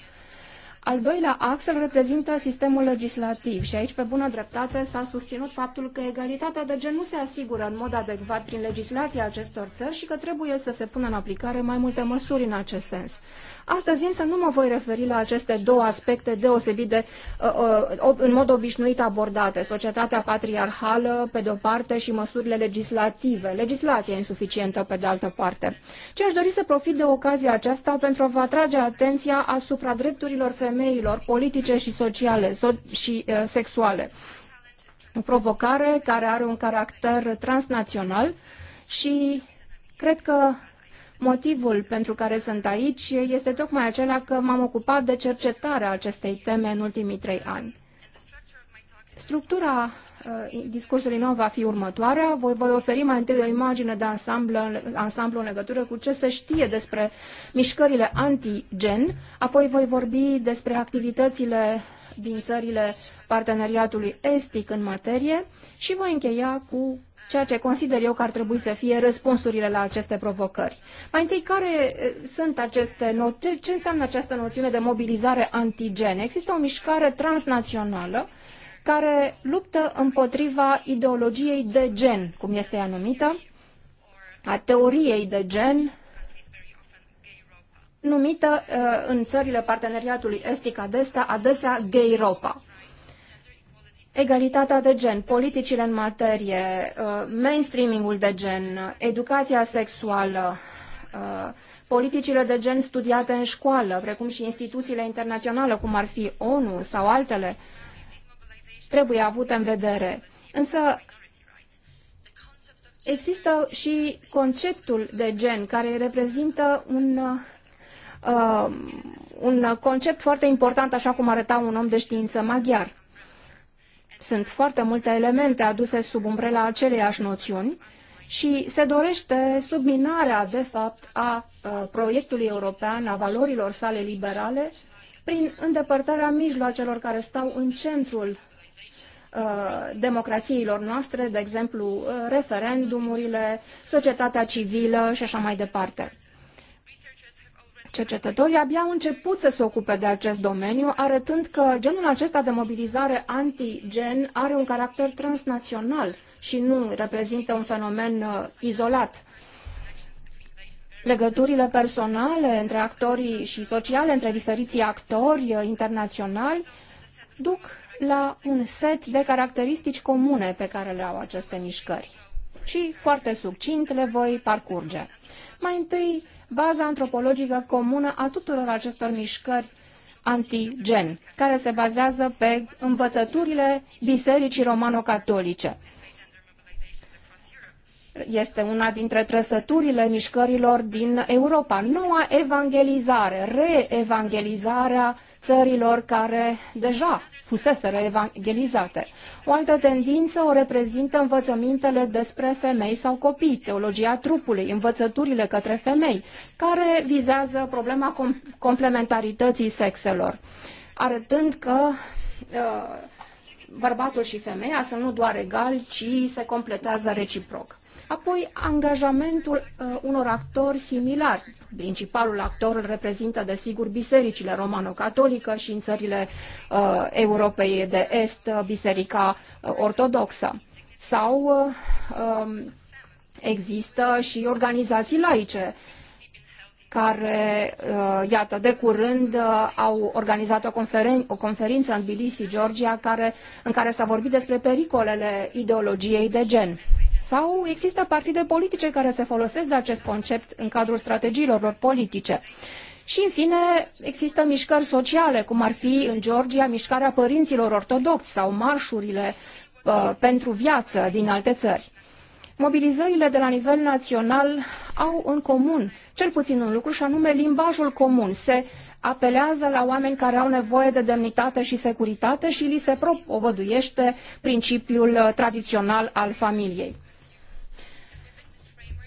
Al doilea ax îl reprezintă sistemul legislativ și aici, pe bună dreptate, s-a susținut faptul că egalitatea de gen nu se asigură în mod adecvat prin legislația acestor țări și că trebuie să se pună în aplicare mai multe măsuri în acest sens. Astăzi însă nu mă voi referi la aceste două aspecte deosebit de, uh, uh, în mod obișnuit abordate. Societatea patriarhală, pe de-o parte, și măsurile legislative. Legislația insuficientă, pe de altă parte. Ce aș dori să profit de ocazia aceasta pentru a vă atrage atenția asupra drepturilor femeilor, politice și sociale so- și uh, sexuale. O provocare care are un caracter transnațional și cred că Motivul pentru care sunt aici este tocmai acela că m-am ocupat de cercetarea acestei teme în ultimii trei ani. Structura uh, discursului meu va fi următoarea. Voi, voi oferi mai întâi o imagine de ansamblu, ansamblu în legătură cu ce se știe despre mișcările anti-gen, apoi voi vorbi despre activitățile din țările parteneriatului estic în materie și voi încheia cu ceea ce consider eu că ar trebui să fie răspunsurile la aceste provocări. Mai întâi, care eh, sunt aceste no- ce, ce înseamnă această noțiune de mobilizare antigen? Există o mișcare transnațională care luptă împotriva ideologiei de gen, cum este ea numită, a teoriei de gen, numită uh, în țările parteneriatului estic adesea, adesea Gayropa. Egalitatea de gen, politicile în materie, uh, mainstreamingul de gen, educația sexuală, uh, politicile de gen studiate în școală, precum și instituțiile internaționale, cum ar fi ONU sau altele, trebuie avute în vedere. Însă există și conceptul de gen care reprezintă un uh, un concept foarte important, așa cum arăta un om de știință maghiar. Sunt foarte multe elemente aduse sub umbrela aceleiași noțiuni și se dorește subminarea, de fapt, a uh, proiectului european, a valorilor sale liberale, prin îndepărtarea mijloacelor care stau în centrul uh, democrațiilor noastre, de exemplu uh, referendumurile, societatea civilă și așa mai departe cercetătorii abia au început să se ocupe de acest domeniu, arătând că genul acesta de mobilizare antigen are un caracter transnațional și nu reprezintă un fenomen uh, izolat. Legăturile personale între actorii și sociale între diferiții actori uh, internaționali duc la un set de caracteristici comune pe care le au aceste mișcări. Și foarte succint le voi parcurge. Mai întâi baza antropologică comună a tuturor acestor mișcări antigen, care se bazează pe învățăturile bisericii romano-catolice este una dintre trăsăturile mișcărilor din Europa. Noua evangelizare, reevangelizarea țărilor care deja fuseseră evangelizate. O altă tendință o reprezintă învățămintele despre femei sau copii, teologia trupului, învățăturile către femei, care vizează problema com complementarității sexelor, arătând că uh, bărbatul și femeia sunt nu doar egali, ci se completează reciproc. Apoi, angajamentul uh, unor actori similari. Principalul actor îl reprezintă, desigur, bisericile romano-catolică și în țările uh, Europei de Est, uh, biserica uh, ortodoxă. Sau uh, um, există și organizații laice care, uh, iată, de curând uh, au organizat o, conferin- o conferință în Tbilisi, Georgia, care, în care s-a vorbit despre pericolele ideologiei de gen. Sau există partide politice care se folosesc de acest concept în cadrul strategiilor lor politice. Și, în fine, există mișcări sociale, cum ar fi în Georgia mișcarea părinților ortodoxi sau marșurile uh, pentru viață din alte țări. Mobilizările de la nivel național au în comun cel puțin un lucru și anume limbajul comun. Se apelează la oameni care au nevoie de demnitate și securitate și li se propovăduiește principiul uh, tradițional al familiei.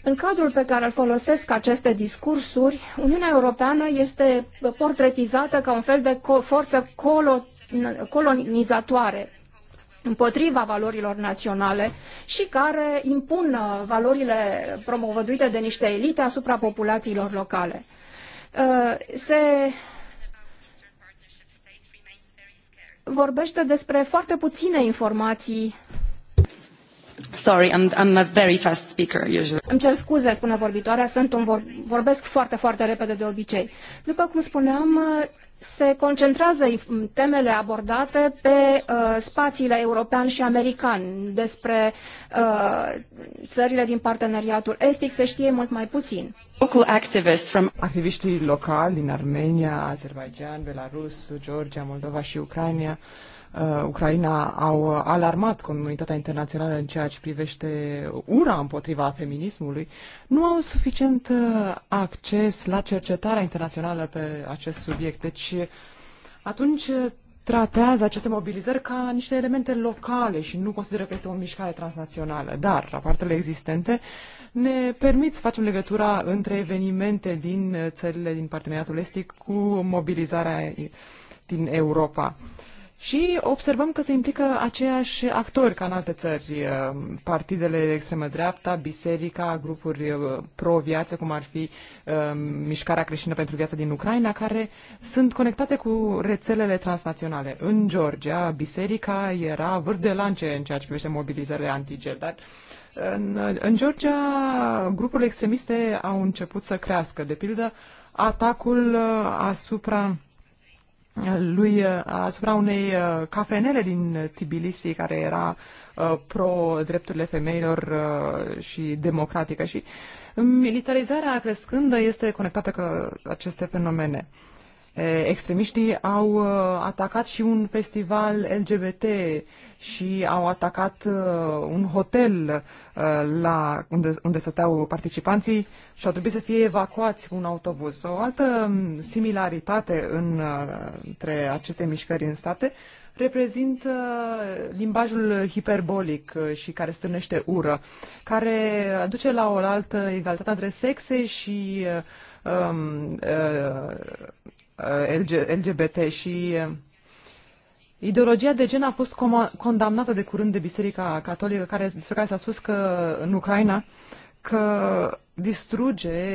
În cadrul pe care îl folosesc aceste discursuri, Uniunea Europeană este portretizată ca un fel de co forță colo colonizatoare împotriva valorilor naționale și care impun valorile promovăduite de niște elite asupra populațiilor locale. Uh, se vorbește despre foarte puține informații sorry, I'm, I'm a very fast speaker usually. Îmi cer scuze, spune vorbitoarea, sunt un vor, vorbesc foarte, foarte repede de obicei. După cum spuneam, se concentrează temele abordate pe uh, spațiile european și american. Despre uh, țările din parteneriatul estic se știe mult mai puțin. Activiștii locali din Armenia, Azerbaijan, Belarus, Georgia, Moldova și Ucraina uh, Ucraina au alarmat comunitatea internațională în ceea ce privește ura împotriva feminismului, nu au suficient uh, acces la cercetarea internațională pe acest subiect. Deci, atunci uh, tratează aceste mobilizări ca niște elemente locale și nu consideră că este o mișcare transnațională. Dar rapoartele existente ne permit să facem legătura între evenimente din uh, țările din parteneriatul estic cu mobilizarea din Europa. Uh, și observăm că se implică aceiași actori ca în alte țări, uh, partidele de extremă dreapta, biserica, grupuri uh, pro-viață, cum ar fi uh, Mișcarea Creștină pentru Viață din Ucraina, care sunt conectate cu rețelele transnaționale. În Georgia, biserica era vârf de lance în ceea ce privește mobilizările antigel, dar în, în Georgia grupurile extremiste au început să crească. De pildă, atacul asupra lui uh, asupra unei uh, cafenele din Tbilisi care era uh, pro-drepturile femeilor și democratică și militarizarea crescândă este conectată cu aceste fenomene. Extremiștii au atacat și un festival LGBT și au atacat uh, un hotel uh, la unde, unde stăteau participanții și au trebuit să fie evacuați cu un autobuz. O altă um, similaritate în, uh, între aceste mișcări în state reprezintă limbajul hiperbolic și care stârnește ură, care aduce la oaltă egalitatea între sexe și um, uh, LGBT și Ideologia de gen a fost condamnată de curând de Biserica Catolică, care, despre care s-a spus că în Ucraina că distruge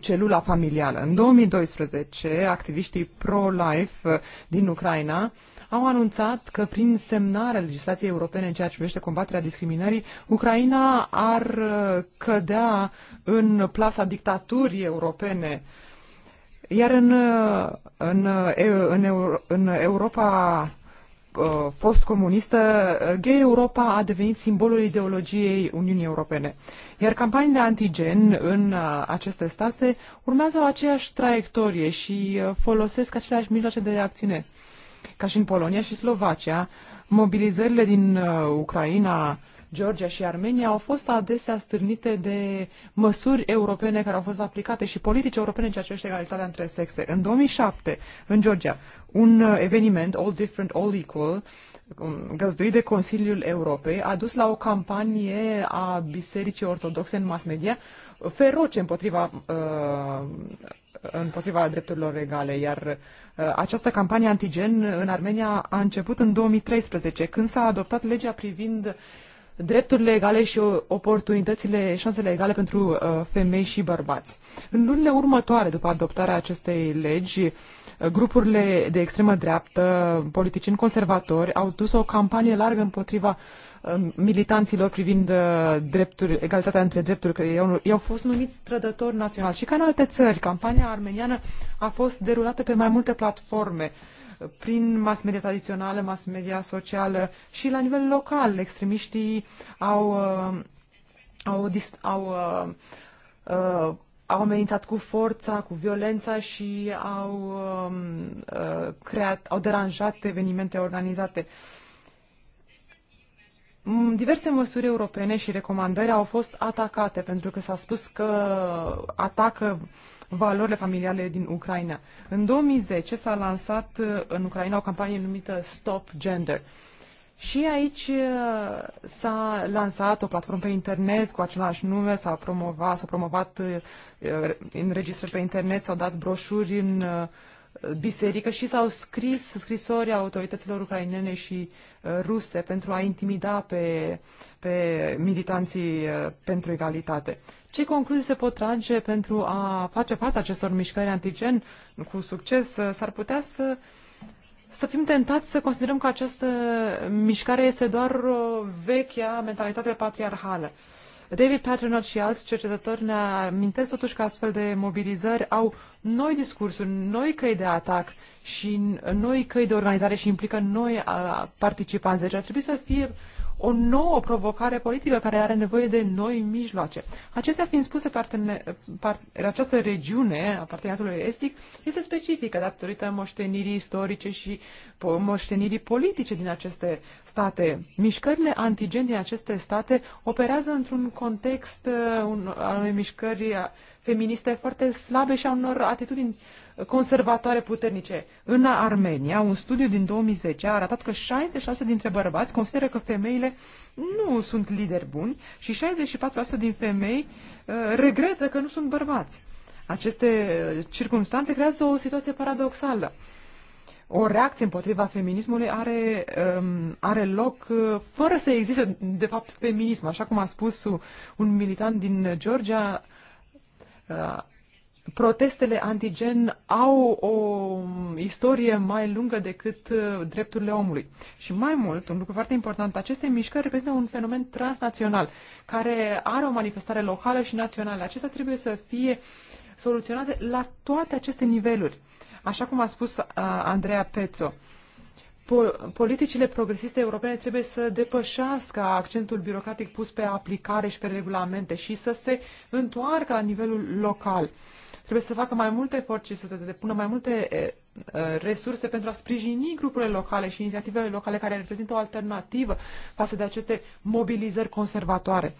celula familială. În 2012, activiștii pro-life uh, din Ucraina au anunțat că prin semnarea legislației europene în ceea ce privește combaterea discriminării, Ucraina ar uh, cădea în plasa dictaturii europene. Iar în, uh, în, în, în Europa Uh, fost comunistă, uh, Gay Europa a devenit simbolul ideologiei Uniunii Europene. Iar campaniile antigen în uh, aceste state urmează o aceeași traiectorie și folosesc aceleași mijloace de acțiune. Ca și în Polonia și Slovacia, mobilizările din Ucraina uh, Georgia și Armenia au fost adesea stârnite de măsuri europene care au fost aplicate și politici europene în ceea ce privește egalitatea între sexe. În 2007, în Georgia, un uh, eveniment, All Different, All Equal, um, găzduit de Consiliul Europei, a dus la o campanie a Bisericii Ortodoxe în mass media, feroce împotriva, uh, împotriva drepturilor egale, iar uh, această campanie antigen în Armenia a început în 2013, când s-a adoptat legea privind uh, drepturile egale și oportunitățile, șansele egale pentru uh, femei și bărbați. În lunile următoare, după adoptarea acestei legi, uh, grupurile de extremă dreaptă, politicieni conservatori, au dus o campanie largă împotriva uh, militanților privind drepturi, egalitatea între drepturi, că ei au, ei au fost numiți trădători naționali. Și ca în alte țări, campania armeniană a fost derulată pe mai multe platforme. Uh, prin mass media tradițională, mass media socială și la nivel local. Extremiștii au, uh, au, au, au, uh, uh, au amenințat cu forța, cu violența și au, um, creat, au deranjat evenimente organizate. Mm, diverse măsuri europene și recomandări au fost atacate pentru că s-a spus că atacă uh, valorile familiale din Ucraina. În 2010 s-a lansat uh, în Ucraina o campanie numită Stop Gender. Și aici uh, s-a lansat o platformă pe internet cu același nume, s-a promovat, s-a promovat uh, înregistrări pe internet, s-au dat broșuri în biserică și s-au scris scrisori autorităților ucrainene și ruse pentru a intimida pe, pe militanții pentru egalitate. Ce concluzii se pot trage pentru a face față acestor mișcări antigen cu succes? S-ar putea să, să fim tentați să considerăm că această mișcare este doar o vechea mentalitate patriarhală. David Paternot și alți cercetători ne amintesc totuși că astfel de mobilizări au noi discursuri, noi căi de atac și noi căi de organizare și implică noi participanți. Deci ar trebui să fie o nouă provocare politică care are nevoie de noi mijloace. Acestea fiind spuse, partene, part, această regiune a parteneriatului estic este specifică datorită moștenirii istorice și moștenirii politice din aceste state. Mișcările antigen din aceste state operează într-un context uh, un, al unei mișcări feministe foarte slabe și a unor atitudini conservatoare puternice. În Armenia, un studiu din 2010 a arătat că 66 dintre bărbați consideră că femeile nu sunt lideri buni și 64% din femei uh, regretă că nu sunt bărbați. Aceste uh, circunstanțe creează o situație paradoxală. O reacție împotriva feminismului are, um, are loc uh, fără să existe, de fapt, feminism. Așa cum a spus un militant din Georgia, Uh, protestele antigen au o istorie mai lungă decât uh, drepturile omului. Și mai mult, un lucru foarte important, aceste mișcări reprezintă un fenomen transnațional care are o manifestare locală și națională. Acestea trebuie să fie soluționate la toate aceste niveluri. Așa cum a spus uh, Andreea Pezzo, uh, politicile progresiste europene trebuie să depășească accentul birocratic pus pe aplicare și pe regulamente și să se întoarcă la nivelul local. Trebuie să facă mai multe efort și să depună mai multe resurse pentru a sprijini grupurile locale și inițiativele locale care reprezintă o alternativă față de aceste mobilizări conservatoare.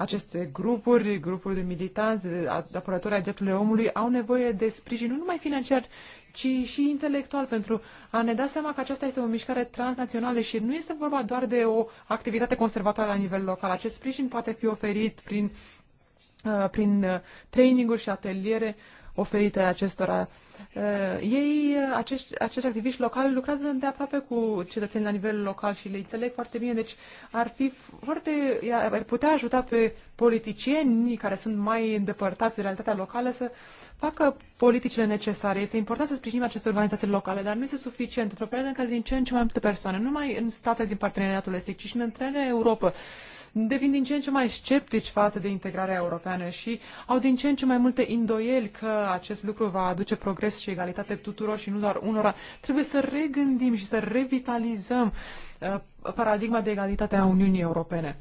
Aceste grupuri, grupuri de militanți, de apărători ai drepturilor omului, au nevoie de sprijin nu numai financiar, ci și intelectual, pentru a ne da seama că aceasta este o mișcare transnațională și nu este vorba doar de o activitate conservatoare la nivel local. Acest sprijin poate fi oferit prin uh, prin uh, traininguri și ateliere oferite acestora. Uh, ei, acești, acești activiști locali lucrează de aproape cu cetățenii la nivel local și le înțeleg foarte bine, deci ar fi foarte, ar putea ajuta pe politicieni care sunt mai îndepărtați de realitatea locală să facă politicile necesare. Este important să sprijinim aceste organizații locale, dar nu este suficient într-o perioadă în care din ce în ce mai multe persoane, nu numai în state din parteneriatul estic, ci și în întreaga Europa, devin din ce în ce mai sceptici față de integrarea europeană și au din ce în ce mai multe îndoieli că acest lucru va aduce progres și egalitate tuturor și nu doar unora. Trebuie să regândim și să revitalizăm uh, paradigma de egalitate a Uniunii Europene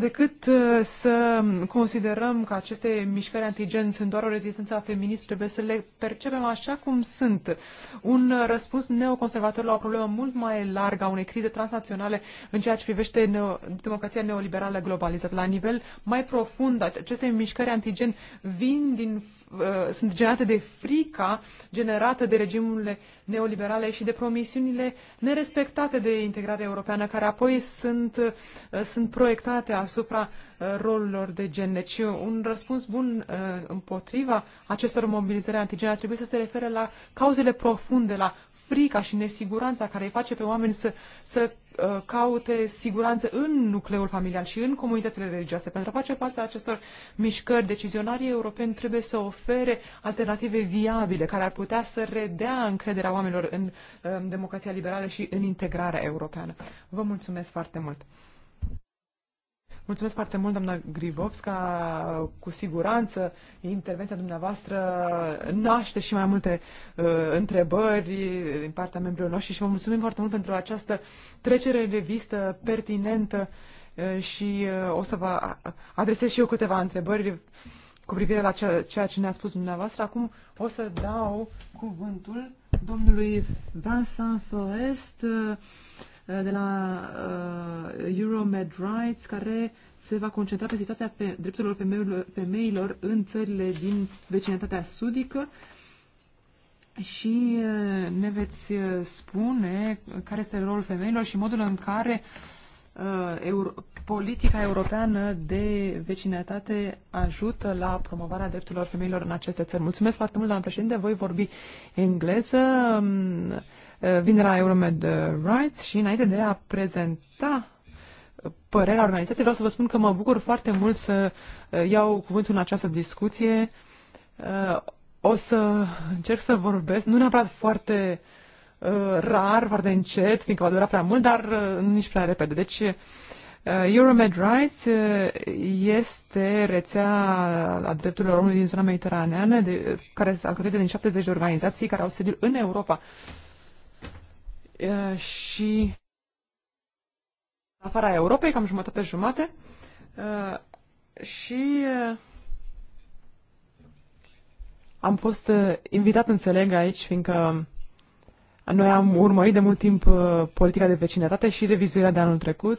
decât uh, să considerăm că aceste mișcări antigen sunt doar o rezistență a feministă, trebuie să le percepem așa cum sunt. Un uh, răspuns neoconservator la o problemă mult mai largă a unei crize transnaționale în ceea ce privește neo- democrația neoliberală globalizată. La nivel mai profund, aceste mișcări antigen vin din Uh, sunt generate de frica generată de regimurile neoliberale și de promisiunile nerespectate de integrarea europeană, care apoi sunt, uh, sunt proiectate asupra uh, rolurilor de gen. Deci un răspuns bun împotriva acestor mobilizări antigene ar trebui să se refere la cauzele profunde, la frica și nesiguranța care îi face pe oameni să, să uh, caute siguranță în nucleul familial și în comunitățile religioase. Pentru a face față acestor mișcări, decizionarii europeni trebuie să ofere alternative viabile care ar putea să redea încrederea oamenilor în uh, democrația liberală și în integrarea europeană. Vă mulțumesc foarte mult! Mulțumesc foarte mult, doamna Gribovska. Cu siguranță, intervenția dumneavoastră naște și mai multe uh, întrebări din partea membrilor noștri și vă mulțumim foarte mult pentru această trecere revistă pertinentă uh, și uh, o să vă adresez și eu câteva întrebări cu privire la ceea, ceea ce ne-a spus dumneavoastră. Acum o să dau cuvântul domnului Vincent Forest. Uh, Uh, de la uh, Euromed Rights, care se va concentra pe situația pe drepturilor femeilor, femeilor în țările din vecinătatea sudică și uh, ne veți uh, spune care este rolul femeilor și modul în care uh, euro politica europeană de vecinătate ajută la promovarea drepturilor femeilor în aceste țări. Mulțumesc foarte mult, doamnă președinte. Voi vorbi engleză. Mm, vine la Euromed uh, Rights și înainte de a prezenta părerea organizației, vreau să vă spun că mă bucur foarte mult să uh, iau cuvântul în această discuție. Uh, o să încerc să vorbesc, nu neapărat foarte rar, foarte încet, fiindcă va dura prea mult, dar nici prea repede. Deci, Euromed Rights este rețea a drepturilor omului din zona mediteraneană, de, care se alcătuiește din 70 de organizații care au sediul în Europa și afara Europei, cam jumătate jumate, și am fost invitat, înțeleg, aici, fiindcă noi am urmărit de mult timp politica de vecinătate și revizuirea de anul trecut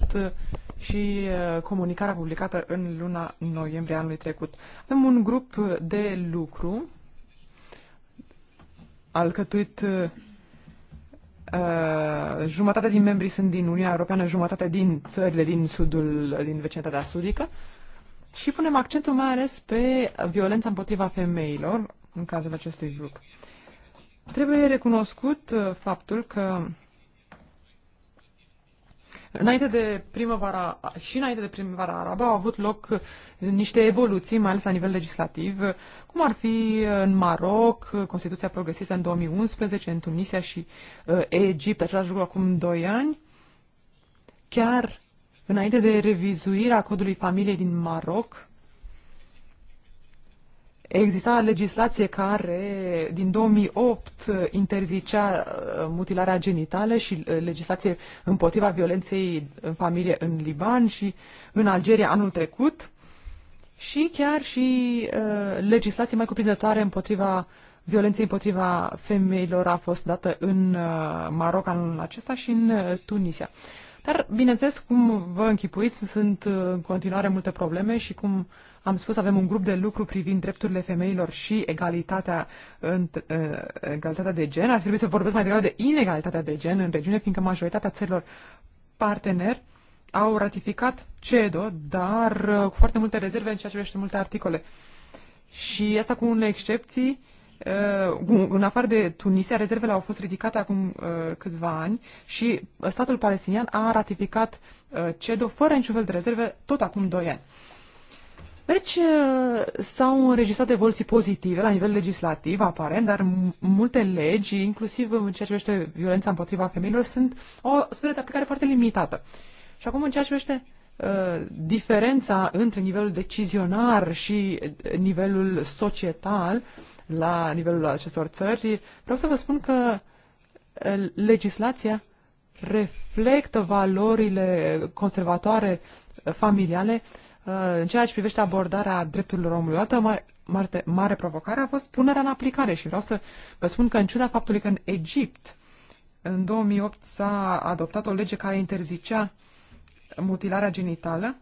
și comunicarea publicată în luna noiembrie anului trecut. Avem un grup de lucru alcătuit Uh, jumătate din membrii sunt din Uniunea Europeană, jumătate din țările din sudul, din vecinătatea sudică. Și punem accentul mai ales pe violența împotriva femeilor în cadrul acestui grup. Trebuie recunoscut uh, faptul că Înainte de primăvara și înainte de primăvara arabă au avut loc niște evoluții, mai ales la nivel legislativ, cum ar fi în Maroc, Constituția progresistă în 2011, în Tunisia și uh, Egipt, același lucru acum 2 ani. Chiar înainte de revizuirea codului familiei din Maroc, Exista legislație care din 2008 interzicea uh, mutilarea genitală și uh, legislație împotriva violenței în familie în Liban și în Algeria anul trecut și chiar și uh, legislație mai cuprinzătoare împotriva violenței împotriva femeilor a fost dată în Maroc anul acesta și în Tunisia. Dar, bineînțeles, cum vă închipuiți, sunt în continuare multe probleme și cum uh, am spus, avem un grup de lucru privind drepturile femeilor și egalitatea, în, uh, ă, egalitatea de gen. Ar trebui să vorbesc mai degrabă de inegalitatea de gen în regiune, fiindcă majoritatea țărilor parteneri au ratificat CEDO, dar uh, cu foarte multe rezerve în ceea ce privește multe articole. Și asta cu unele excepții, uh, în afară de Tunisia, rezervele au fost ridicate acum uh, câțiva ani și statul palestinian a ratificat uh, CEDO fără niciun fel de rezerve tot acum doi ani. Deci eh, s-au înregistrat evoluții pozitive la nivel legislativ, aparent, dar multe legi, inclusiv în ceea ce privește violența împotriva femeilor, sunt o sferă de aplicare foarte limitată. Și acum în ceea ce privește eh, diferența între nivelul decizionar și eh, nivelul societal la nivelul acestor țări, vreau să vă spun că legislația reflectă valorile conservatoare familiale în ceea ce privește abordarea drepturilor omului. O altă mare, mare, provocare a fost punerea în aplicare și vreau să vă spun că în ciuda faptului că în Egipt în 2008 s-a adoptat o lege care interzicea mutilarea genitală,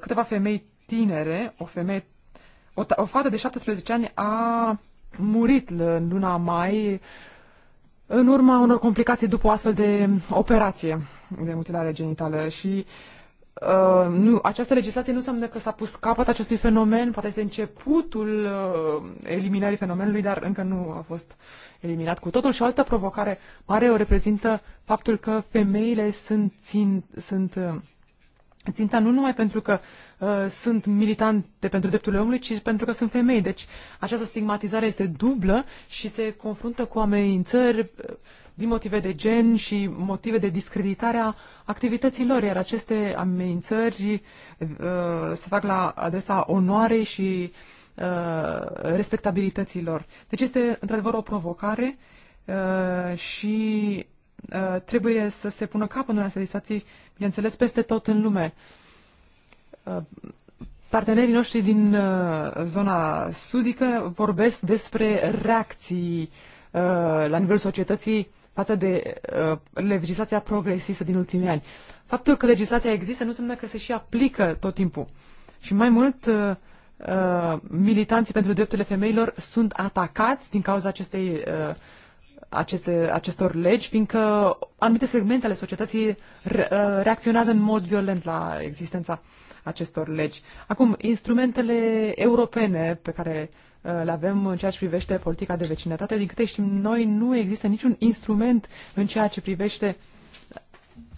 câteva femei tinere, o femeie, o, o fată de 17 ani a murit în luna mai în urma unor complicații după o astfel de operație de mutilare genitală și Uh, nu, această legislație nu înseamnă că s-a pus capăt acestui fenomen, poate este începutul uh, eliminării fenomenului, dar încă nu a fost eliminat cu totul. Și o altă provocare mare o reprezintă faptul că femeile sunt, țin, sunt uh, ținta nu numai pentru că Uh, sunt militante pentru drepturile omului, ci pentru că sunt femei. Deci această stigmatizare este dublă și se confruntă cu amenințări uh, din motive de gen și motive de discreditare a activităților, iar aceste amenințări uh, se fac la adresa onoarei și uh, lor. Deci este într-adevăr o provocare uh, și uh, trebuie să se pună capăt în această de bineînțeles, peste tot în lume. Uh, partenerii noștri din uh, zona sudică vorbesc despre reacții uh, la nivelul societății față de legislația progresistă din ultimii ani. Faptul că legislația există nu înseamnă că se și aplică tot timpul. Și mai mult, militanții pentru drepturile femeilor sunt atacați din cauza acestei, aceste, acestor legi, fiindcă anumite segmente ale societății reacționează în mod violent la existența acestor legi. Acum, instrumentele europene pe care uh, le avem în ceea ce privește politica de vecinătate. Din câte știm noi, nu există niciun instrument în ceea ce privește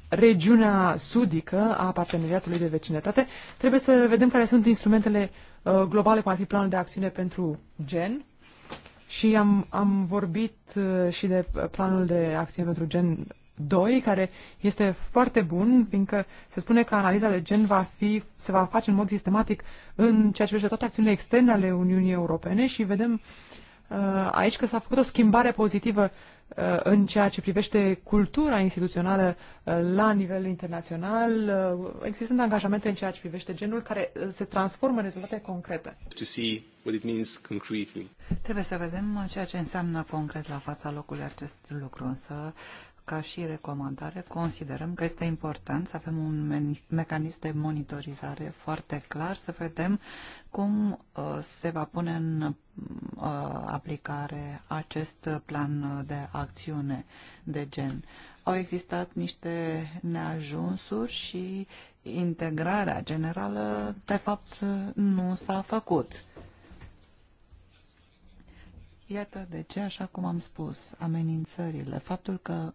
regiunea sudică a parteneriatului de vecinătate. Trebuie să vedem care sunt instrumentele uh, globale, cum ar fi planul de acțiune pentru gen. Și am, am vorbit uh, și de planul de acțiune pentru gen 2, care este foarte bun, fiindcă se spune că analiza de gen va fi, se va face în mod sistematic în ceea ce privește toate acțiunile externe ale Uniunii Europene și vedem uh, aici că s-a făcut o schimbare pozitivă uh, în ceea ce privește cultura instituțională uh, la nivel internațional, existând angajamente în ceea ce privește genul care se transformă în rezultate concrete. Trebuie să vedem ceea ce înseamnă concret la fața locului acest lucru, însă ca și recomandare, considerăm că este important să avem un mecanism de monitorizare foarte clar, să vedem cum uh, se va pune în uh, aplicare acest plan de acțiune de gen. Au existat niște neajunsuri și integrarea generală, de fapt, nu s-a făcut. Iată de ce, așa cum am spus, amenințările, faptul că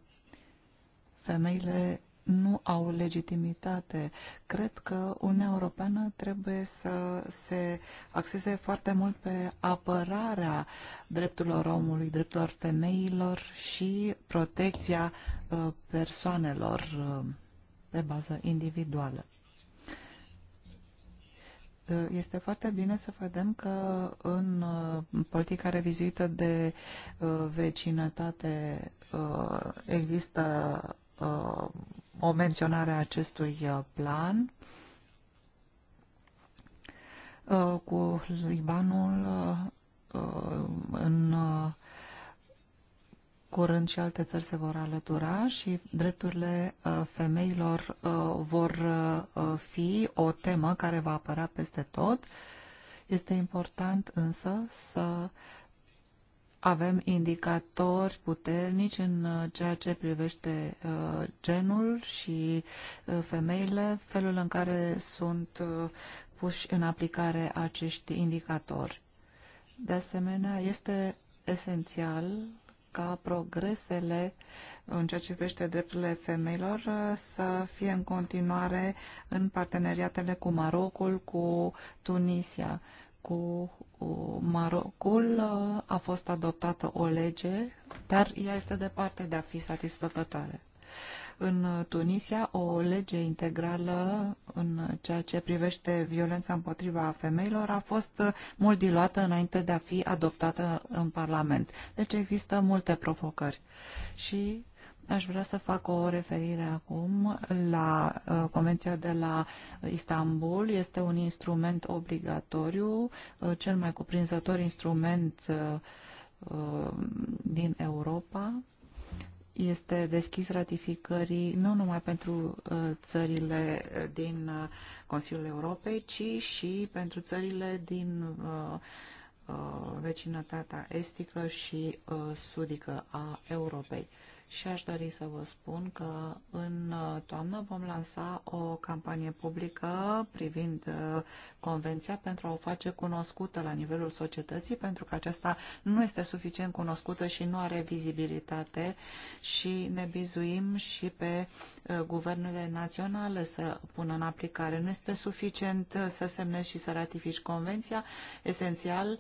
Femeile nu au legitimitate. Cred că Uniunea Europeană trebuie să se axeze foarte mult pe apărarea drepturilor omului, drepturilor femeilor și protecția uh, persoanelor uh, pe bază individuală. Uh, este foarte bine să vedem că în politica revizuită de vecinătate există Uh, o menționare a acestui uh, plan uh, cu Libanul în curând și alte țări se vor alătura și drepturile femeilor vor fi o temă care va apărea peste tot. Este important însă să avem indicatori puternici în uh, ceea ce privește uh, genul și uh, femeile, felul în care sunt puși în aplicare acești indicatori. De asemenea, este esențial ca progresele în ceea ce privește drepturile femeilor să fie în continuare în parteneriatele cu Marocul, cu Tunisia, cu cu Marocul uh, a fost adoptată o lege, dar ea este departe de a fi satisfăcătoare. În Tunisia, o lege integrală în ceea ce privește violența împotriva femeilor a fost uh, mult diluată înainte de a fi adoptată în Parlament. Deci există multe provocări. Și Aș vrea să fac o referire acum la uh, Convenția de la Istanbul. Este un instrument obligatoriu, uh, cel mai cuprinzător instrument uh, din Europa. Este deschis ratificării nu numai pentru țările din Consiliul Europei, ci și pentru țările din vecinătatea estică și sudică a Europei și aș dori să vă spun că în uh, toamnă vom lansa o campanie publică privind uh, convenția pentru a o face cunoscută la nivelul societății, pentru că aceasta nu este suficient cunoscută și nu are vizibilitate și ne bizuim și pe uh, guvernele naționale să pună în aplicare. Nu este suficient să semnezi și să ratifici convenția. Esențial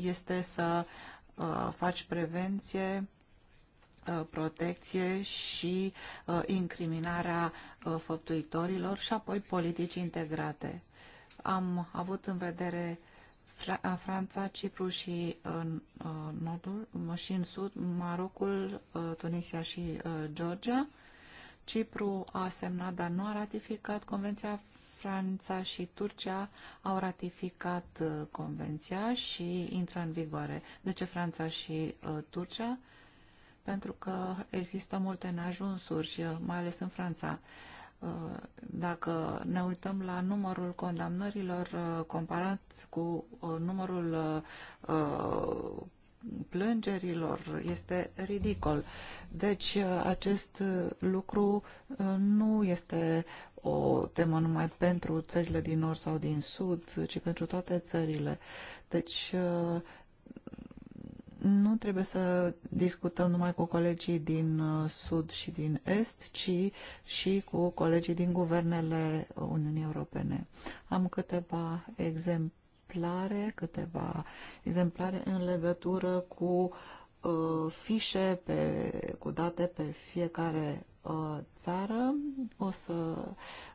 este să faci prevenție, Uh, protecție și uh, incriminarea uh, făptuitorilor și apoi politici integrate. Am avut în vedere Franța, Cipru și în nordul, și în sud, Marocul, Tunisia și Georgia. Cipru a semnat, dar nu a ratificat convenția. Franța și Turcia au ratificat convenția și intră în vigoare. De ce Franța și Turcia? pentru că există multe neajunsuri, și uh, mai ales în Franța. Uh, dacă ne uităm la numărul condamnărilor uh, comparat cu numărul plângerilor, este ridicol. Deci acest lucru nu este o temă numai pentru țările din nord sau din sud, ci pentru toate țările. Deci nu trebuie să discutăm numai cu colegii din uh, Sud și din Est, ci și cu colegii din guvernele Uniunii Europene. Am câteva exemplare, câteva exemplare în legătură cu uh, fișe pe, cu date pe fiecare uh, țară. O să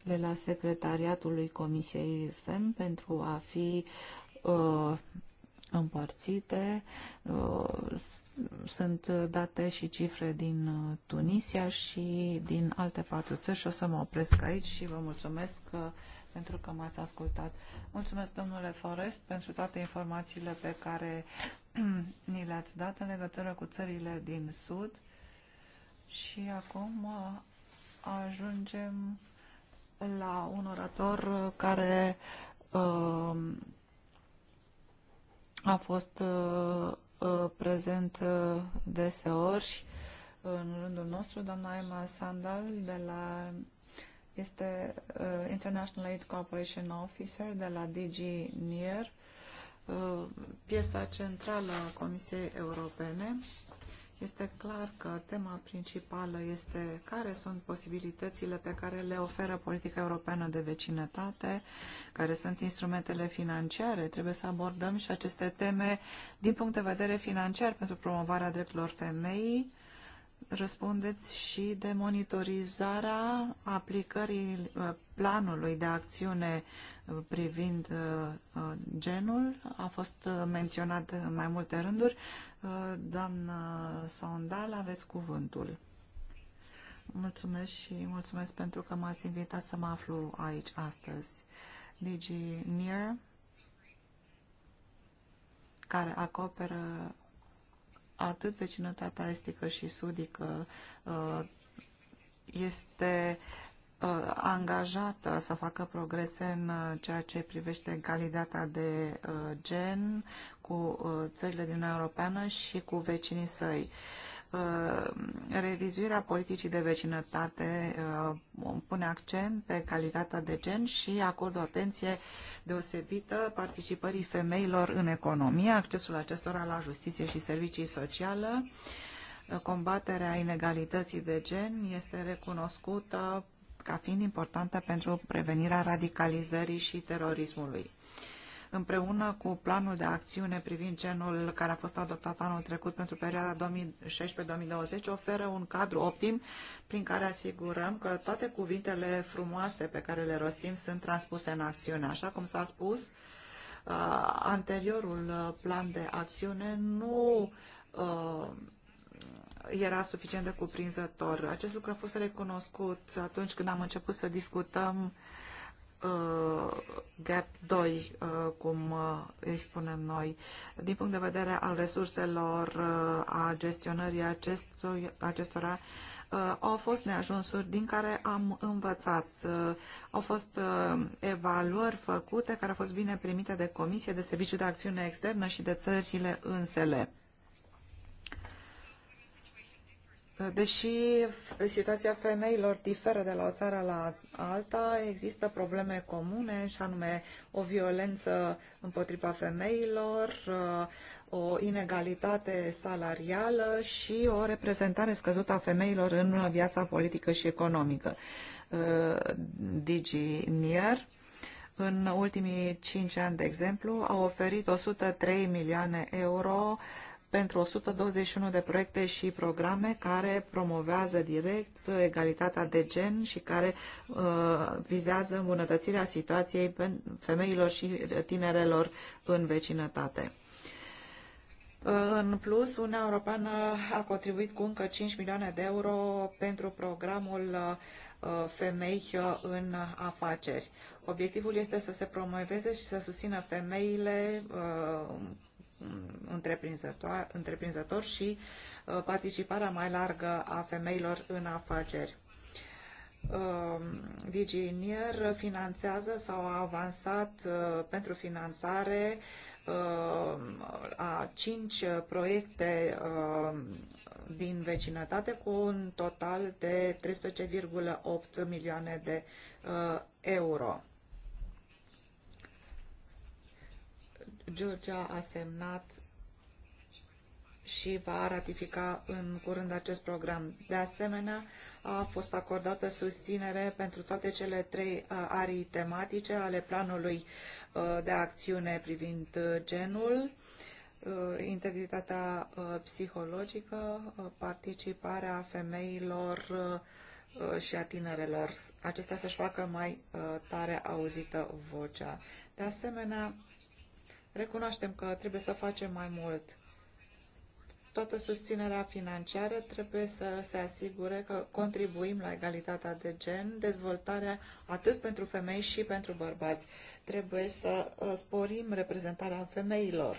le las secretariatului Comisiei FEM pentru a fi uh, împărțite. Uh, sunt date și cifre din uh, Tunisia și din alte patru țări și o să mă opresc aici și vă mulțumesc uh, pentru că m-ați ascultat. Mulțumesc, domnule Forest, pentru toate informațiile pe care ni le-ați dat în legătură cu țările din Sud. Și acum ajungem la un orator care uh, a fost uh, uh, prezent uh, deseori în rândul nostru, doamna Emma Sandal de la este uh, International Aid Cooperation Officer de la DG NIR, uh, piesa centrală a Comisiei Europene este clar că tema principală este care sunt posibilitățile pe care le oferă politica europeană de vecinătate, care sunt instrumentele financiare. Trebuie să abordăm și aceste teme din punct de vedere financiar pentru promovarea drepturilor femeii, răspundeți și de monitorizarea aplicării uh, planului de acțiune uh, privind uh, genul. A fost menționat în mai multe rânduri. Doamna Saundal, aveți cuvântul. Mulțumesc și mulțumesc pentru că m-ați invitat să mă aflu aici astăzi. Digi Near, care acoperă atât vecinătatea estică și sudică uh, este uh, angajată să facă progrese în uh, ceea ce privește calitatea de gen cu țările din Europeană și cu vecinii săi. Uh, revizuirea politicii de vecinătate uh, pune accent pe calitatea de gen și acordă o atenție deosebită participării femeilor în economie, accesul acestora la justiție și servicii sociale. Uh, combaterea inegalității de gen este recunoscută ca fiind importantă pentru prevenirea radicalizării și terorismului împreună cu planul de acțiune privind genul care a fost adoptat anul trecut pentru perioada 2016-2020, oferă un cadru optim prin care asigurăm că toate cuvintele frumoase pe care le rostim sunt transpuse în acțiune. Așa cum s-a spus, uh, anteriorul uh, plan de acțiune nu uh, era suficient de cuprinzător. Acest lucru a fost recunoscut atunci când am început să discutăm uh, uh, gap 2, uh, cum uh, îi spunem noi, din punct de vedere al resurselor, uh, a gestionării acestui, acestora, uh, au fost neajunsuri din care am învățat. Uh, au fost uh, evaluări făcute care au fost bine primite de Comisie de Serviciu de Acțiune Externă și de țările însele Deși situația femeilor diferă de la o țară la alta, există probleme comune, și anume o violență împotriva femeilor, uh, o inegalitate salarială și o reprezentare scăzută a femeilor în viața politică și economică. Uh, Digi Nier, în ultimii cinci ani, de exemplu, a oferit 103 milioane euro pentru 121 de proiecte și programe care promovează direct egalitatea de gen și care uh, vizează îmbunătățirea situației femeilor și tinerelor în vecinătate. Uh, în plus, Uniunea Europeană a contribuit cu încă 5 milioane de euro pentru programul uh, femei uh, în afaceri. Obiectivul este să se promoveze și să susțină femeile întreprinzător, întreprinzător și uh, participarea mai largă a femeilor în afaceri. Diginier um, finanțează sau a avansat uh, pentru finanțare uh, a cinci proiecte din vecinătate cu un total de 13,8 milioane de euro. Georgia a semnat și va ratifica în curând acest program. De asemenea, a fost acordată susținere pentru toate cele trei uh, arii tematice ale planului uh, de acțiune privind uh, genul, integritatea psihologică, participarea femeilor și a tinerelor. Acestea să-și facă mai tare auzită vocea. De asemenea, Recunoaștem că trebuie să facem mai mult. Toată susținerea financiară trebuie să se asigure că contribuim la egalitatea de gen, dezvoltarea atât pentru femei și pentru bărbați. Trebuie să uh, sporim reprezentarea femeilor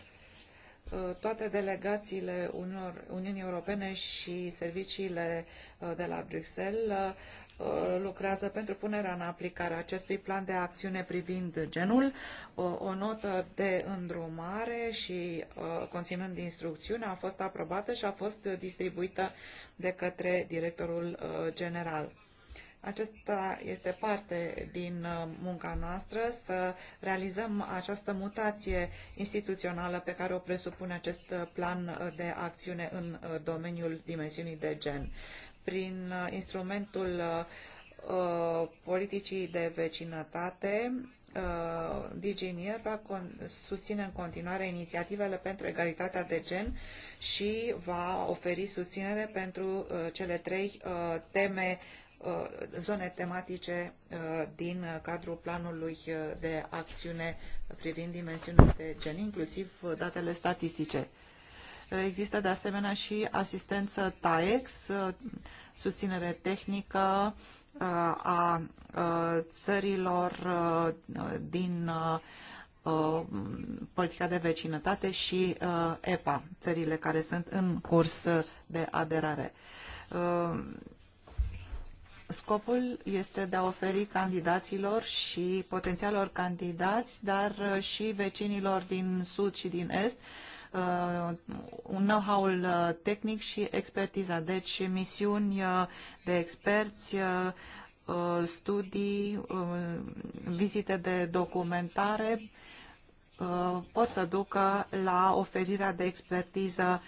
uh, toate delegațiile Uniunii Europene și serviciile uh, de la Bruxelles Uh, lucrează pentru punerea în aplicare a acestui plan de acțiune privind genul, o, notă de îndrumare și uh, conținând instrucțiune a fost aprobată și a fost distribuită de către directorul uh, general. Acesta este parte din munca noastră să realizăm această mutație instituțională pe care o presupune acest plan de acțiune în domeniul dimensiunii de gen prin uh, instrumentul uh, uh, politicii de vecinătate, Diginier va susține în continuare inițiativele pentru egalitatea de gen și va oferi susținere pentru cele trei teme zone tematice din cadrul planului de acțiune privind dimensiunea de gen, inclusiv datele statistice. Există de asemenea și asistență TAEX, susținere tehnică a țărilor din politica de vecinătate și EPA, țările care sunt în curs de aderare. Scopul este de a oferi candidaților și potențialor candidați, dar și vecinilor din Sud și din Est, Uh, un know-how-ul uh, tehnic și expertiza. Deci misiuni uh, de experți, studii, vizite de documentare pot să ducă la oferirea de expertiză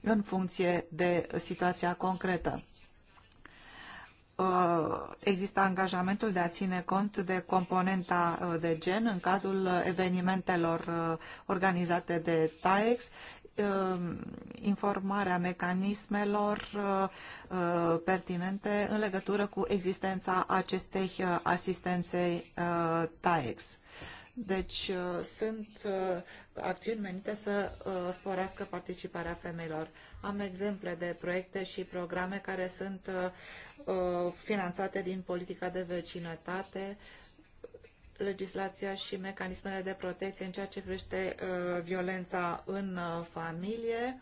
în funcție de situația concretă. Uh, exista angajamentul de a ține cont de componenta uh, de gen în cazul evenimentelor uh, organizate de TAEX, informarea mecanismelor pertinente în legătură cu existența acestei asistențe TAEX. Deci sunt acțiuni menite să sporească participarea femeilor. Am exemple de proiecte și programe care sunt uh, finanțate din politica de vecinătate, legislația și mecanismele de protecție în ceea ce privește uh, violența în uh, familie.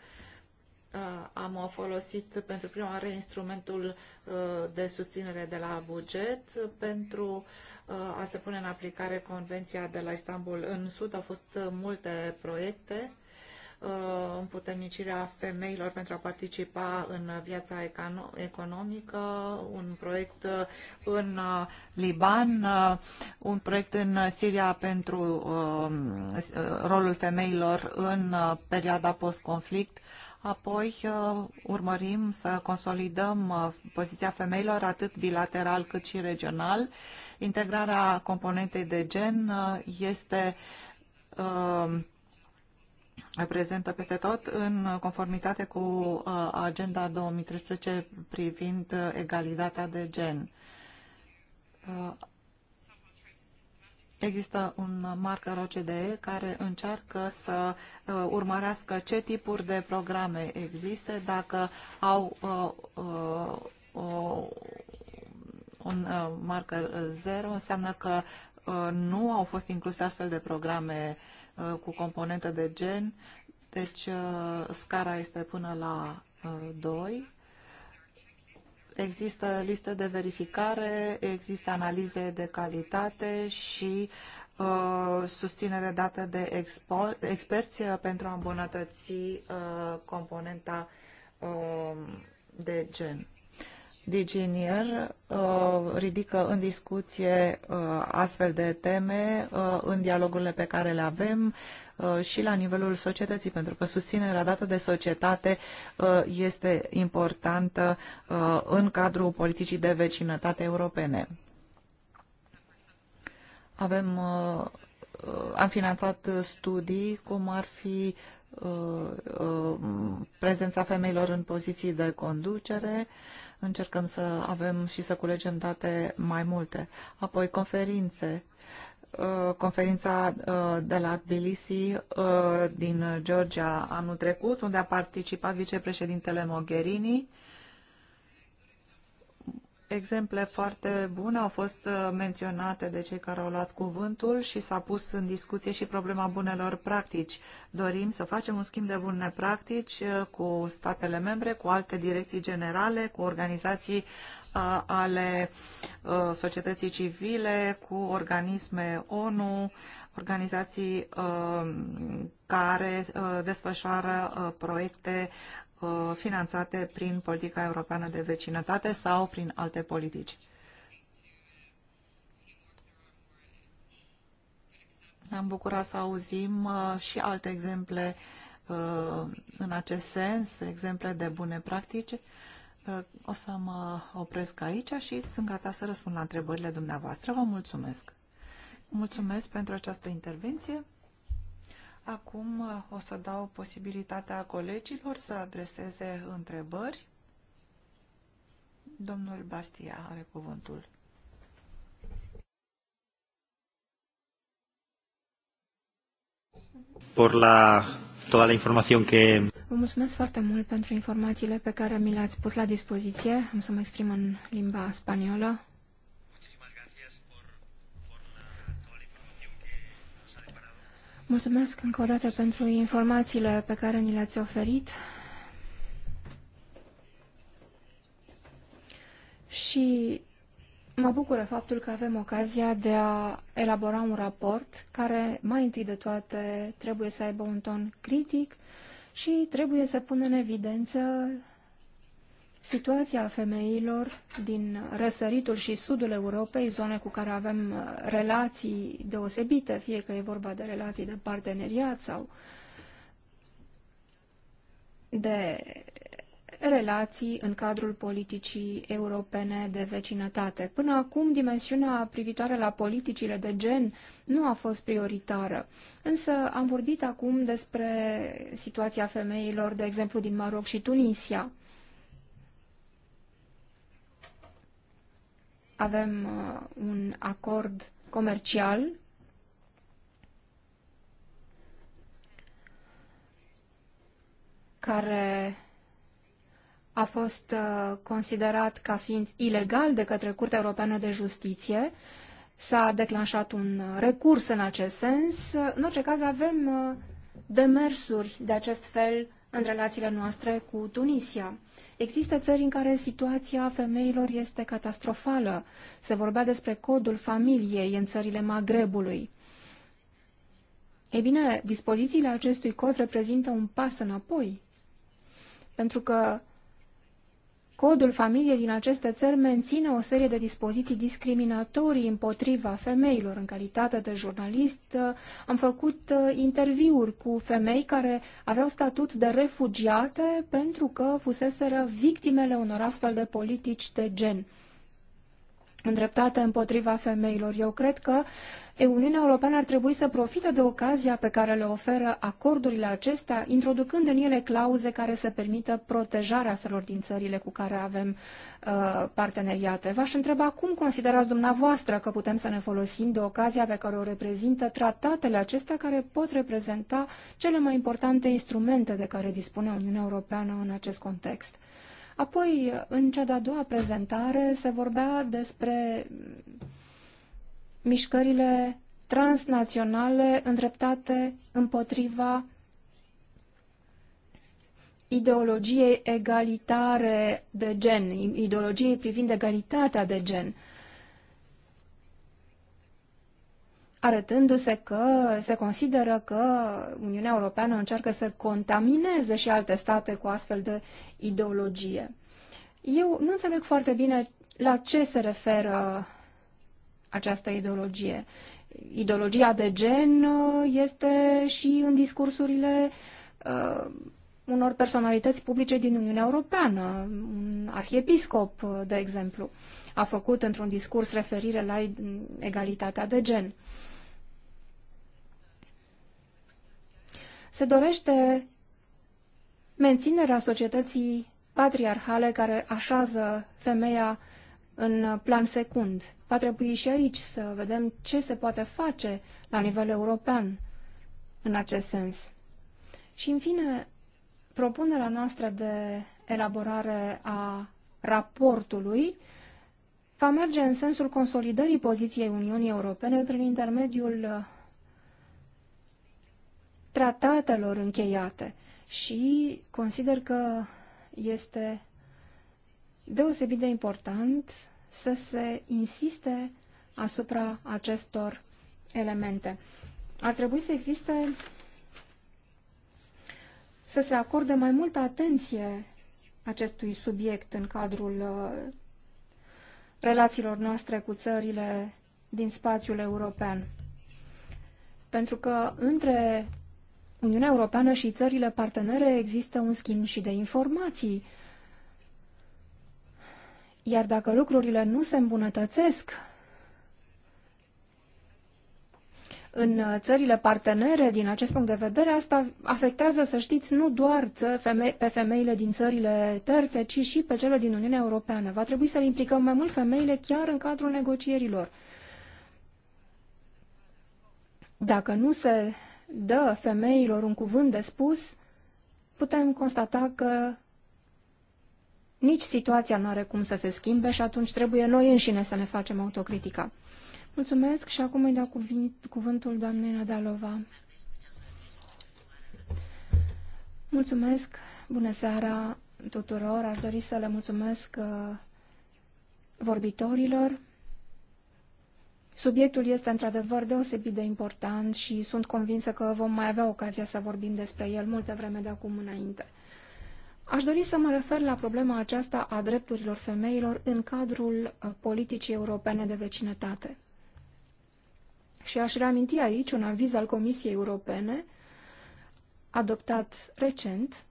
Am folosit pentru prima oară instrumentul de susținere de la buget pentru a se pune în aplicare Convenția de la Istanbul. În Sud au fost multe proiecte Uh, împuternicirea femeilor pentru a participa în viața economică, un proiect uh, în uh, Liban, un proiect în Siria pentru rolul femeilor în perioada post-conflict. Apoi urmărim să consolidăm poziția femeilor atât bilateral cât și regional. Integrarea componentei de gen este prezentă peste tot în conformitate cu uh, agenda 2013 privind uh, egalitatea de gen. Uh, există un marker OCDE care încearcă să urmărească ce tipuri de programe există, dacă au un marker zero, înseamnă că nu au fost incluse astfel de programe uh, Uh, cu componentă de gen, deci uh, scara este până la 2. Uh, există liste de verificare, există analize de calitate și susținere dată de expo- experți pentru a îmbunătăți componenta de gen. Diginier uh, ridică în discuție uh, astfel de teme uh, în dialogurile pe care le avem și la nivelul societății, pentru că susținerea dată de societate este importantă în cadrul politicii de vecinătate europene. Avem, am finanțat studii cum ar fi prezența femeilor în poziții de conducere, uh, încercăm să avem și să culegem date mai multe. Apoi conferințe. Uh, conferința uh, de la Tbilisi uh, din Georgia anul trecut, unde a participat vicepreședintele Mogherini, exemple foarte bune au fost uh, menționate de cei care au luat cuvântul și s-a pus în discuție și problema bunelor practici. Dorim să facem un schimb de bune practici uh, cu statele membre, cu alte direcții generale, cu organizații uh, ale societății civile, cu organisme ONU, organizații care desfășoară proiecte Uh, finanțate prin politica europeană de vecinătate sau prin alte politici. Ne-am bucurat să auzim uh, și alte exemple uh, în acest sens, exemple de bune practici. O să mă opresc aici și sunt gata să răspund la întrebările dumneavoastră. Vă mulțumesc! Mulțumesc pentru această intervenție. Acum uh, o să dau posibilitatea colegilor să adreseze întrebări. Domnul Bastia are cuvântul. Por la toda la información que... Vă mulțumesc foarte mult pentru informațiile pe care mi le-ați pus la dispoziție. Am să mă exprim în limba spaniolă. Mulțumesc încă o dată pentru informațiile pe care ni le-ați oferit. Și mă bucură faptul că avem ocazia de a elabora un raport care, mai întâi de toate, trebuie să aibă un ton critic și trebuie să pună în evidență Situația femeilor din răsăritul și sudul Europei, zone cu care avem uh, relații deosebite, fie că e vorba de relații de parteneriat sau de relații în cadrul politicii europene de vecinătate. Până acum, dimensiunea privitoare la politicile de gen nu a fost prioritară, însă am vorbit acum despre situația femeilor, de exemplu, din Maroc și Tunisia. avem uh, un acord comercial care a fost uh, considerat ca fiind ilegal de către Curtea Europeană de Justiție. S-a declanșat un recurs în acest sens. În orice caz avem uh, demersuri de acest fel în relațiile noastre cu Tunisia. Există țări în care situația femeilor este catastrofală. Se vorbea despre codul familiei în țările Magrebului. Ei bine, dispozițiile acestui cod reprezintă un pas înapoi, pentru că Codul familiei din aceste țări menține o serie de dispoziții discriminatorii împotriva femeilor. În calitate de jurnalist uh, am făcut uh, interviuri cu femei care aveau statut de refugiate pentru că fuseseră victimele unor astfel de politici de gen îndreptate împotriva femeilor. Eu cred că Uniunea Europeană ar trebui să profite de ocazia pe care le oferă acordurile acestea, introducând în ele clauze care să permită protejarea felor din țările cu care avem uh, parteneriate. V-aș întreba cum considerați dumneavoastră că putem să ne folosim de ocazia pe care o reprezintă tratatele acestea care pot reprezenta cele mai importante instrumente de care dispune Uniunea Europeană în acest context. Apoi, în cea de-a doua prezentare, se vorbea despre mișcările transnaționale îndreptate împotriva ideologiei egalitare de gen, ideologiei privind egalitatea de gen. arătându-se că se consideră că Uniunea Europeană încearcă să contamineze și alte state cu astfel de ideologie. Eu nu înțeleg foarte bine la ce se referă această ideologie. Ideologia de gen uh, este și în discursurile uh, unor personalități publice din Uniunea Europeană. Un arhiepiscop, uh, de exemplu, a făcut într-un discurs referire la egalitatea de gen. Uh, Se dorește menținerea societății patriarhale care așează femeia în plan secund. Va trebui și aici să vedem ce se poate face la nivel european în acest sens. Și, în fine, propunerea noastră de elaborare a raportului va merge în sensul consolidării poziției Uniunii Europene prin intermediul tratatelor încheiate și consider că este deosebit de important să se insiste asupra acestor elemente. Ar trebui să existe să se acorde mai multă atenție acestui subiect în cadrul uh, relațiilor noastre cu țările din spațiul european. Pentru că între Uniunea Europeană și țările partenere există un schimb și de informații. Iar dacă lucrurile nu se îmbunătățesc, în țările partenere, din acest punct de vedere, asta afectează, să știți, nu doar pe femeile din țările terțe, ci și pe cele din Uniunea Europeană. Va trebui să le implicăm mai mult femeile chiar în cadrul negocierilor. Dacă nu se dă femeilor un cuvânt de spus, putem constata că nici situația nu are cum să se schimbe și atunci trebuie noi înșine să ne facem autocritica. Mulțumesc și acum îi dau cuvântul doamnei Nadalova. Mulțumesc, bună seara tuturor. Aș dori să le mulțumesc uh, vorbitorilor. Subiectul este într-adevăr deosebit de important și sunt convinsă că vom mai avea ocazia să vorbim despre el multă vreme de acum înainte. Aș dori să mă refer la problema aceasta a drepturilor femeilor în cadrul uh, politicii europene de vecinătate. Și aș reaminti aici un aviz al Comisiei Europene adoptat recent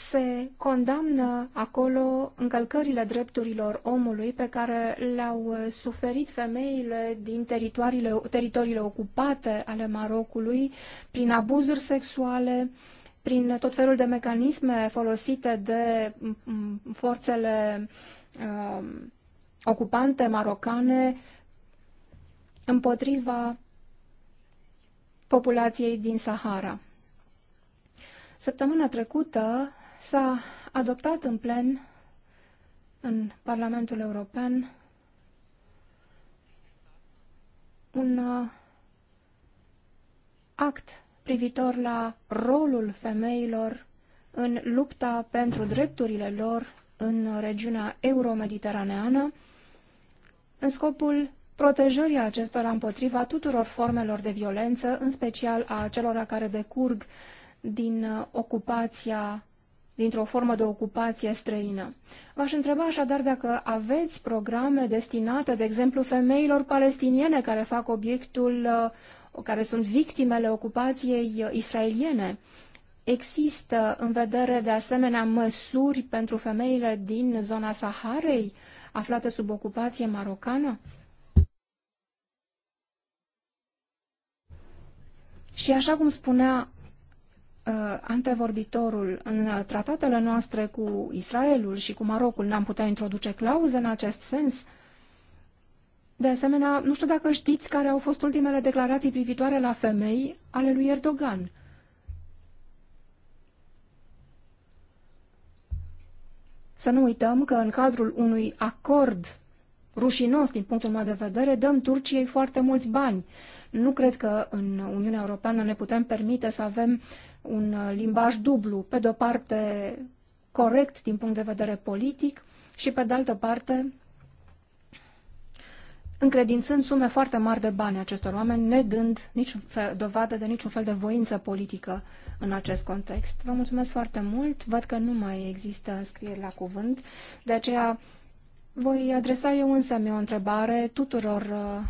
se condamnă acolo încălcările drepturilor omului pe care le-au uh, suferit femeile din teritoriile, teritoriile ocupate ale Marocului prin abuzuri sexuale, prin tot felul de mecanisme folosite de forțele uh, ocupante marocane împotriva populației din Sahara. Săptămâna trecută s-a adoptat în plen în Parlamentul European un uh, act privitor la rolul femeilor în lupta pentru drepturile lor în regiunea euromediteraneană, în scopul protejării acestora împotriva tuturor formelor de violență, în special a celor care decurg din uh, ocupația dintr-o formă de ocupație străină. V-aș întreba așadar dacă aveți programe destinate, de exemplu, femeilor palestiniene care fac obiectul, uh, care sunt victimele ocupației uh, israeliene. Există în vedere de asemenea măsuri pentru femeile din zona Saharei aflate sub ocupație marocană? Și așa cum spunea Uh, antevorbitorul, în uh, tratatele noastre cu Israelul și cu Marocul n-am putea introduce clauze în acest sens? De asemenea, nu știu dacă știți care au fost ultimele declarații privitoare la femei ale lui Erdogan. Să nu uităm că în cadrul unui acord rușinos din punctul meu de vedere, dăm Turciei foarte mulți bani. Nu cred că în Uniunea Europeană ne putem permite să avem uh, un uh, limbaj dublu, pe de-o parte corect din punct de vedere politic și pe de altă parte încredințând sume foarte mari de bani acestor oameni, nedând niciun fel, dovadă de niciun fel de voință politică în acest context. Vă mulțumesc foarte mult, văd că nu mai există înscrieri la cuvânt, de aceea voi adresa eu însă o întrebare tuturor uh,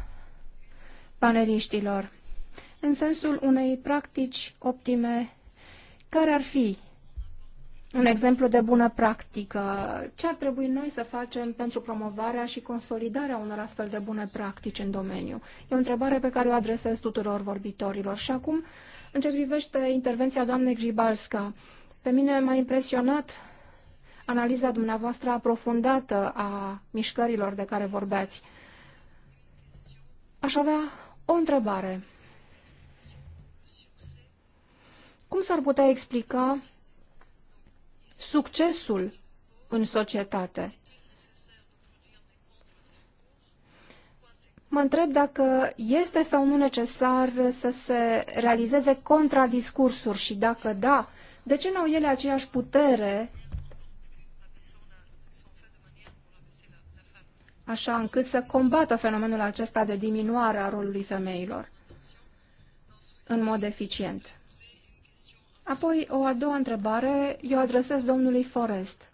paneliștilor, în sensul unei practici optime care ar fi un exemplu de bună practică? Ce ar trebui noi să facem pentru promovarea și consolidarea unor astfel de bune practici în domeniu? E o întrebare pe care o adresez tuturor vorbitorilor. Și acum, în ce privește intervenția doamnei Gribalska, pe mine m-a impresionat analiza dumneavoastră aprofundată a mișcărilor de care vorbeați. Aș avea o întrebare. Cum s-ar putea explica succesul în societate? Mă întreb dacă este sau nu necesar să se realizeze contradiscursuri și dacă da, de ce nu au ele aceeași putere așa încât să combată fenomenul acesta de diminuare a rolului femeilor în mod eficient? Apoi, o a doua întrebare, eu adresez domnului Forest.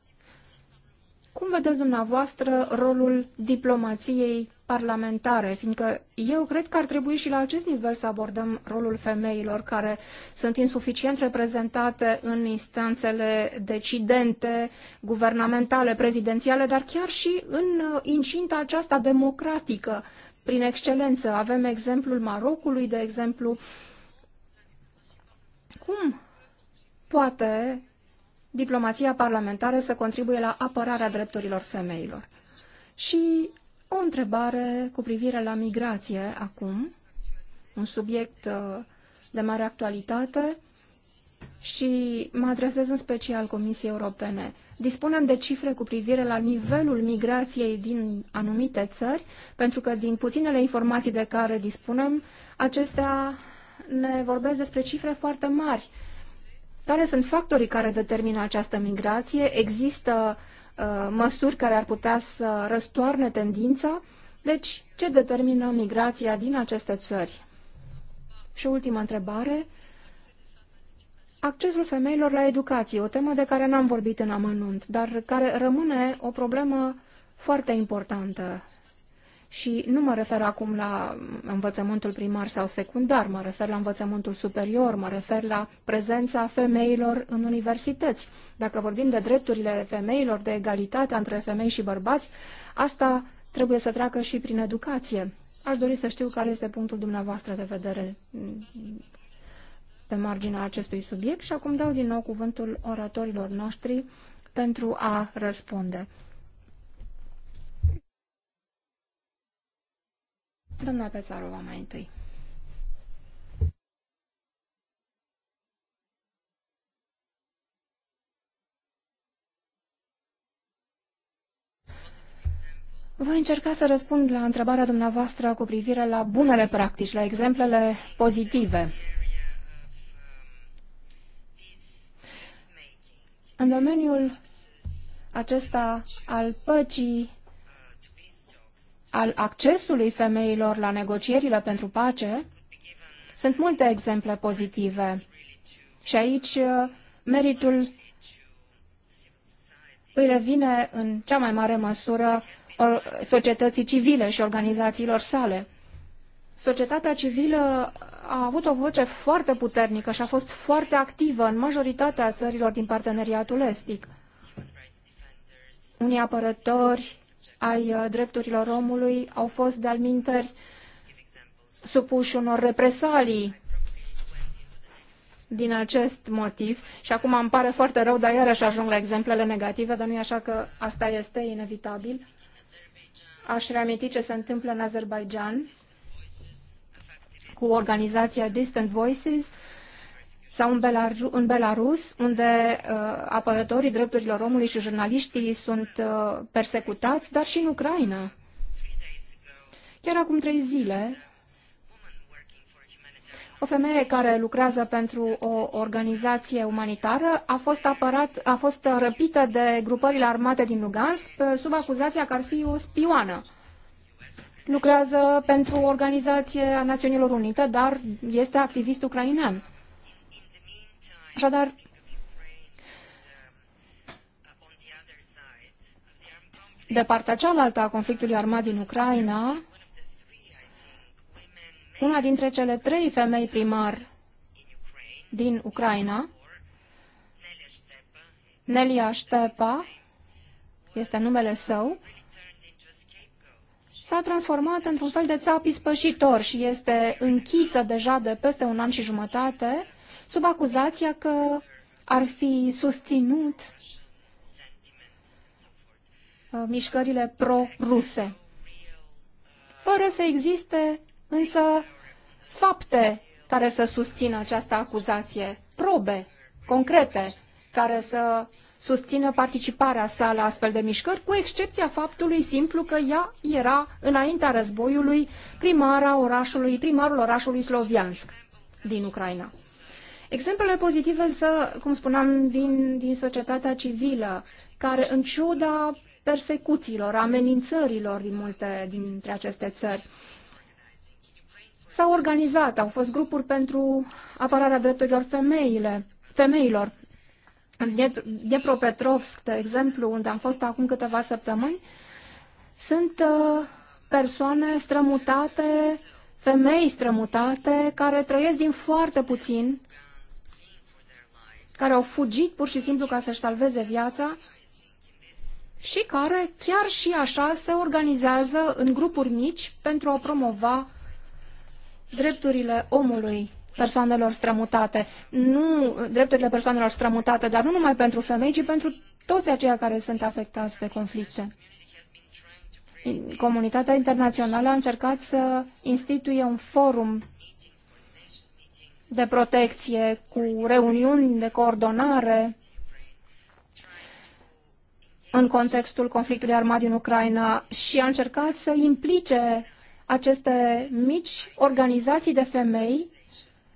Cum vedeți dumneavoastră rolul diplomației parlamentare, fiindcă eu cred că ar trebui și la acest nivel să abordăm rolul femeilor care sunt insuficient reprezentate în instanțele decidente, guvernamentale, prezidențiale, dar chiar și în uh, incinta aceasta democratică, prin excelență. Avem exemplul Marocului, de exemplu. Cum poate diplomația parlamentară să contribuie la apărarea drepturilor femeilor. Și o întrebare cu privire la migrație acum, un subiect uh, de mare actualitate și mă adresez în special Comisiei Europene. Dispunem de cifre cu privire la nivelul migrației din anumite țări, pentru că din puținele informații de care dispunem, acestea ne vorbesc despre cifre foarte mari care sunt factorii care determină această migrație? Există uh, măsuri care ar putea să răstoarne tendința? Deci, ce determină migrația din aceste țări? Și ultima întrebare. Accesul femeilor la educație, o temă de care n-am vorbit în amănunt, dar care rămâne o problemă foarte importantă și nu mă refer acum la învățământul primar sau secundar, mă refer la învățământul superior, mă refer la prezența femeilor în universități. Dacă vorbim de drepturile femeilor, de egalitatea între femei și bărbați, asta trebuie să treacă și prin educație. Aș dori să știu care este punctul dumneavoastră de vedere pe marginea acestui subiect și acum dau din nou cuvântul oratorilor noștri pentru a răspunde. Doamna Pezarova mai întâi. Voi încerca să răspund la întrebarea dumneavoastră cu privire la bunele practici, la exemplele pozitive. În domeniul acesta al păcii al accesului femeilor la negocierile pentru pace, sunt multe exemple pozitive. Și aici uh, meritul îi revine în cea mai mare măsură societății civile și organizațiilor sale. Societatea civilă a avut o voce foarte puternică și a fost foarte activă în majoritatea țărilor din parteneriatul estic. Unii apărători ai uh, drepturilor omului au fost de alminteri supuși unor represalii din acest motiv și acum îmi pare foarte rău, dar iarăși ajung la exemplele negative, dar nu e așa că asta este inevitabil. Aș reaminti ce se întâmplă în Azerbaijan cu organizația Distant Voices, sau în, Belaru- în Belarus, unde uh, apărătorii drepturilor omului și jurnaliștii sunt uh, persecutați, dar și în Ucraina. Chiar acum trei zile, o femeie care lucrează pentru o organizație umanitară a fost, apărat, a fost răpită de grupările armate din Lugansk uh, sub acuzația că ar fi o spioană. Lucrează pentru o organizație a Națiunilor Unite, dar este activist ucrainean. Așadar, de partea cealaltă a conflictului armat din Ucraina, una dintre cele trei femei primar din Ucraina, Nelia Ștepa, este numele său, s-a transformat într-un fel de țap ispășitor și este închisă deja de peste un an și jumătate sub acuzația că ar fi susținut uh, mișcările pro-ruse, fără să existe însă fapte care să susțină această acuzație, probe concrete care să susțină participarea sa la astfel de mișcări, cu excepția faptului simplu că ea era, înaintea războiului, primara orașului, primarul orașului Sloviansk din Ucraina. Exemplele pozitive însă, cum spuneam, vin din societatea civilă, care în ciuda persecuțiilor, amenințărilor din multe dintre aceste țări, s-au organizat, au fost grupuri pentru apărarea drepturilor femeile, femeilor. În Dnepropetrovsk, de exemplu, unde am fost acum câteva săptămâni, sunt uh, persoane strămutate, femei strămutate, care trăiesc din foarte puțin care au fugit pur și simplu ca să-și salveze viața și care chiar și așa se organizează în grupuri mici pentru a promova drepturile omului persoanelor strămutate. Nu drepturile persoanelor strămutate, dar nu numai pentru femei, ci pentru toți aceia care sunt afectați de conflicte. Comunitatea internațională a încercat să instituie un forum de protecție, cu reuniuni de coordonare în contextul conflictului armat din Ucraina și a încercat să implice aceste mici organizații de femei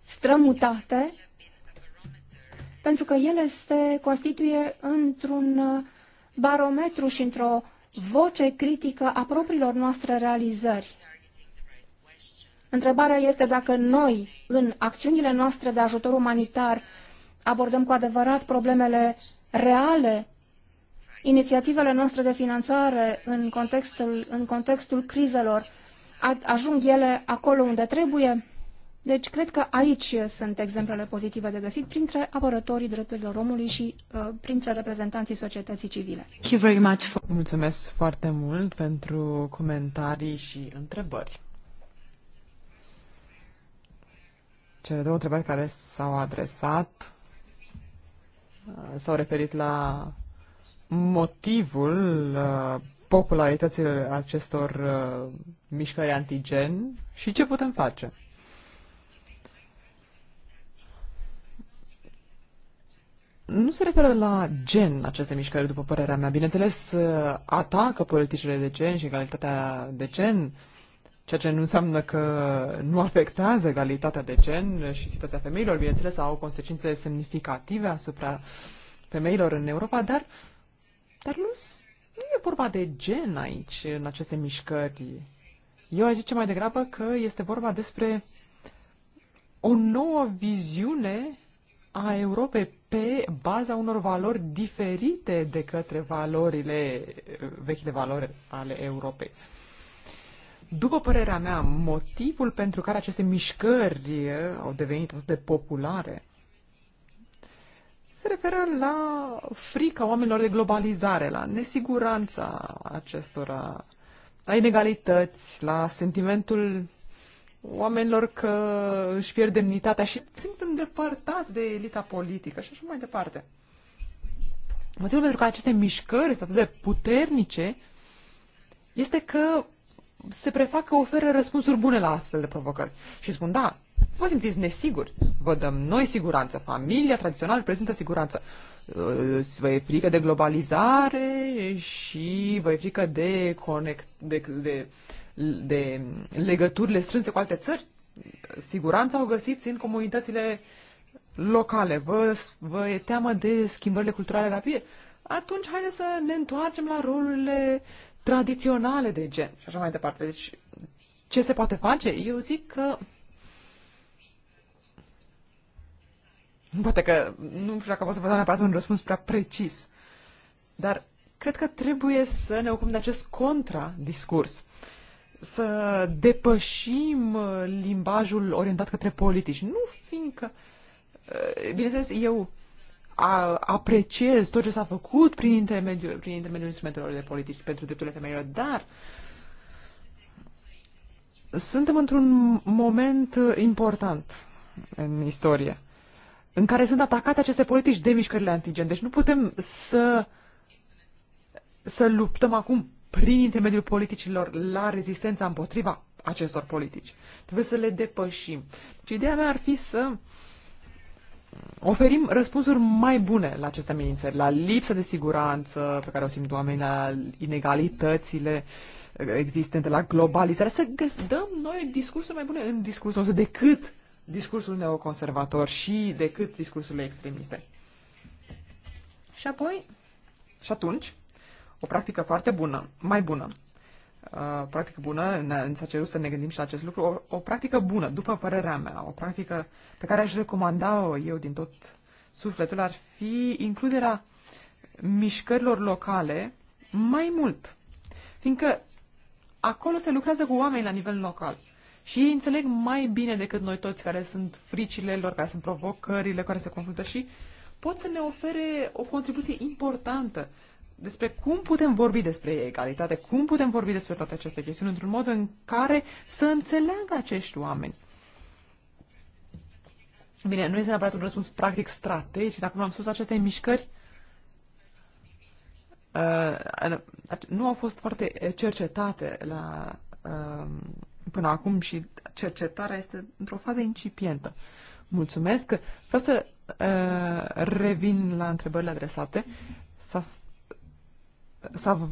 strămutate, pentru că ele se constituie într-un barometru și într-o voce critică a propriilor noastre realizări. Întrebarea este dacă noi, în acțiunile noastre de ajutor umanitar, abordăm cu adevărat problemele reale, inițiativele noastre de finanțare în contextul, în contextul crizelor, ajung ele acolo unde trebuie? Deci cred că aici sunt exemplele pozitive de găsit printre apărătorii drepturilor omului și uh, printre reprezentanții societății civile. Mulțumesc foarte mult pentru comentarii și întrebări. Cele două întrebări care s-au adresat s-au referit la motivul uh, popularității acestor uh, mișcări antigen și ce putem face. nu se referă la gen aceste mișcări, după părerea mea. Bineînțeles, uh, atacă politicile de gen și egalitatea de gen, ceea ce nu înseamnă că nu afectează egalitatea de gen și situația femeilor, bineînțeles, au consecințe semnificative asupra femeilor în Europa, dar, dar nu, nu e vorba de gen aici, în aceste mișcări. Eu aș zice mai degrabă că este vorba despre o nouă viziune a Europei pe baza unor valori diferite de către valorile, vechile valori ale Europei. După părerea mea, motivul pentru care aceste mișcări eh, au devenit atât de populare se referă la frica oamenilor de globalizare, la nesiguranța acestora, la inegalități, la sentimentul oamenilor că își pierd demnitatea și sunt îndepărtați de elita politică și așa mai departe. Motivul pentru care aceste mișcări sunt atât de puternice este că se prefac că oferă răspunsuri bune la astfel de provocări. Și spun, da, vă simțiți nesiguri, vă dăm noi siguranță. Familia tradițională prezintă siguranță. Vă e frică de globalizare și vă e frică de, conect, de, de, de legăturile strânse cu alte țări? Siguranța o găsiți în comunitățile locale. Vă, vă e teamă de schimbările culturale rapide? Atunci haideți să ne întoarcem la rolurile uh, tradiționale de gen și așa mai departe. Deci, ce se poate face? Eu zic că Poate că nu știu dacă pot să vă dau neapărat un răspuns prea precis, dar cred că trebuie să ne ocupăm de acest contradiscurs. Să depășim uh, limbajul orientat către politici. Nu fiindcă, uh, bineînțeles, eu a, apreciez tot ce s-a făcut prin intermediul, prin intermediul instrumentelor de politici pentru drepturile femeilor, dar suntem într-un moment uh, important în istorie în care sunt atacate aceste politici de mișcările antigen. Deci nu putem să, să luptăm acum prin intermediul politicilor la rezistența împotriva acestor politici. Trebuie să le depășim. Deci ideea mea ar fi să uh, oferim răspunsuri mai bune la aceste amenințări, la lipsa de siguranță pe care o simt oamenii, la inegalitățile existente, la globalizare, să dăm noi discursul mai bune în discursul nostru decât discursul neoconservator și decât discursurile extremiste. Și apoi, și atunci, o practică foarte bună, mai bună, practică bună, ne, s-a cerut să ne gândim și la acest lucru, o, o practică bună, după părerea mea, o practică pe care aș recomanda-o eu din tot sufletul, ar fi includerea mișcărilor locale mai mult. Fiindcă acolo se lucrează cu oameni la nivel local. Și ei înțeleg mai bine decât noi toți care sunt fricile lor, care sunt provocările, care se confruntă și pot să ne ofere o contribuție importantă despre cum putem vorbi despre egalitate, cum putem vorbi despre toate aceste chestiuni într-un mod în care să înțeleagă acești oameni. Bine, nu este neapărat un răspuns practic strategic, dacă nu am spus aceste mișcări, uh, nu au fost foarte cercetate la, uh, până acum și cercetarea este într-o fază incipientă. Mulțumesc. Vreau să uh, revin la întrebările adresate. S-a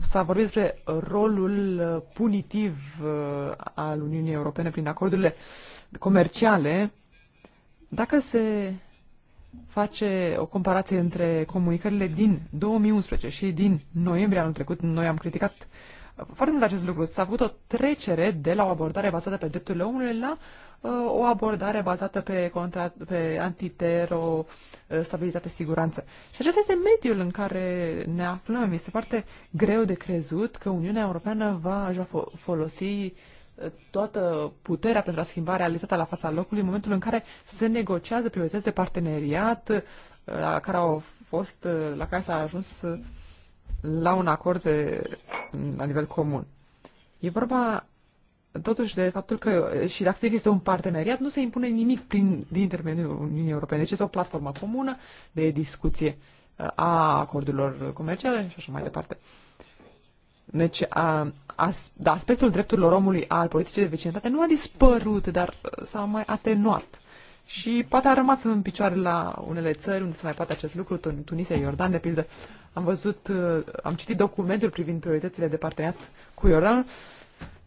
S-a, vorbit despre rolul uh, punitiv uh, al Uniunii Europene prin acordurile comerciale. Dacă se face o comparație între comunicările din 2011 și din noiembrie anul trecut, noi am criticat uh, foarte mult acest lucru. S-a avut o trecere de la o abordare bazată pe drepturile omului la uh, o abordare bazată pe, contra, pe antitero, uh, stabilitate, siguranță. Și acesta este mediul în care ne aflăm. Este foarte greu de crezut că Uniunea Europeană va, fo- folosi uh, toată puterea pentru a schimba realitatea la fața locului în momentul în care se negociază priorități de parteneriat uh, la care au fost, uh, la care s-a ajuns la un acord de, la nivel comun. E vorba totuși de faptul că și dacă există un parteneriat, nu se impune nimic prin, din intermediul Uniunii Europene. Deci este o platformă comună de discuție uh, a acordurilor comerciale și așa mai departe. Deci a, as, da, aspectul drepturilor omului al politicii de vecinătate nu a dispărut, dar uh, s-a mai atenuat. Și poate a rămas în picioare la unele țări unde se mai poate acest lucru, Tunisia, Iordan, de pildă, am văzut, uh, am citit documentul privind prioritățile de parteneriat cu Iordan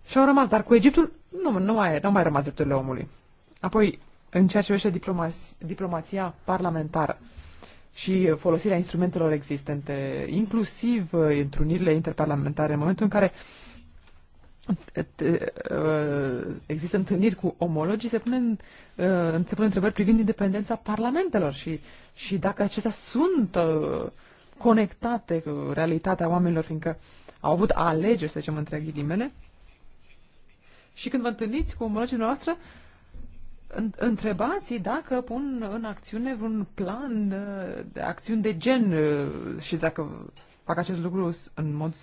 și au rămas, dar cu Egiptul nu, nu, mai, nu mai rămas drepturile omului. Apoi, în ceea ce privește diplomația, diplomația parlamentară și folosirea instrumentelor existente, inclusiv uh, întrunirile interparlamentare, în momentul în care uh, există întâlniri cu omologii, se pune, se pune întrebări privind independența parlamentelor și, și dacă acestea sunt uh, conectate cu realitatea oamenilor, fiindcă au avut alegeri, să zicem, între ghilimele. Și când vă întâlniți cu omologii noastră, întrebați dacă pun în acțiune un plan uh, de acțiuni de gen uh, și dacă fac acest lucru în mod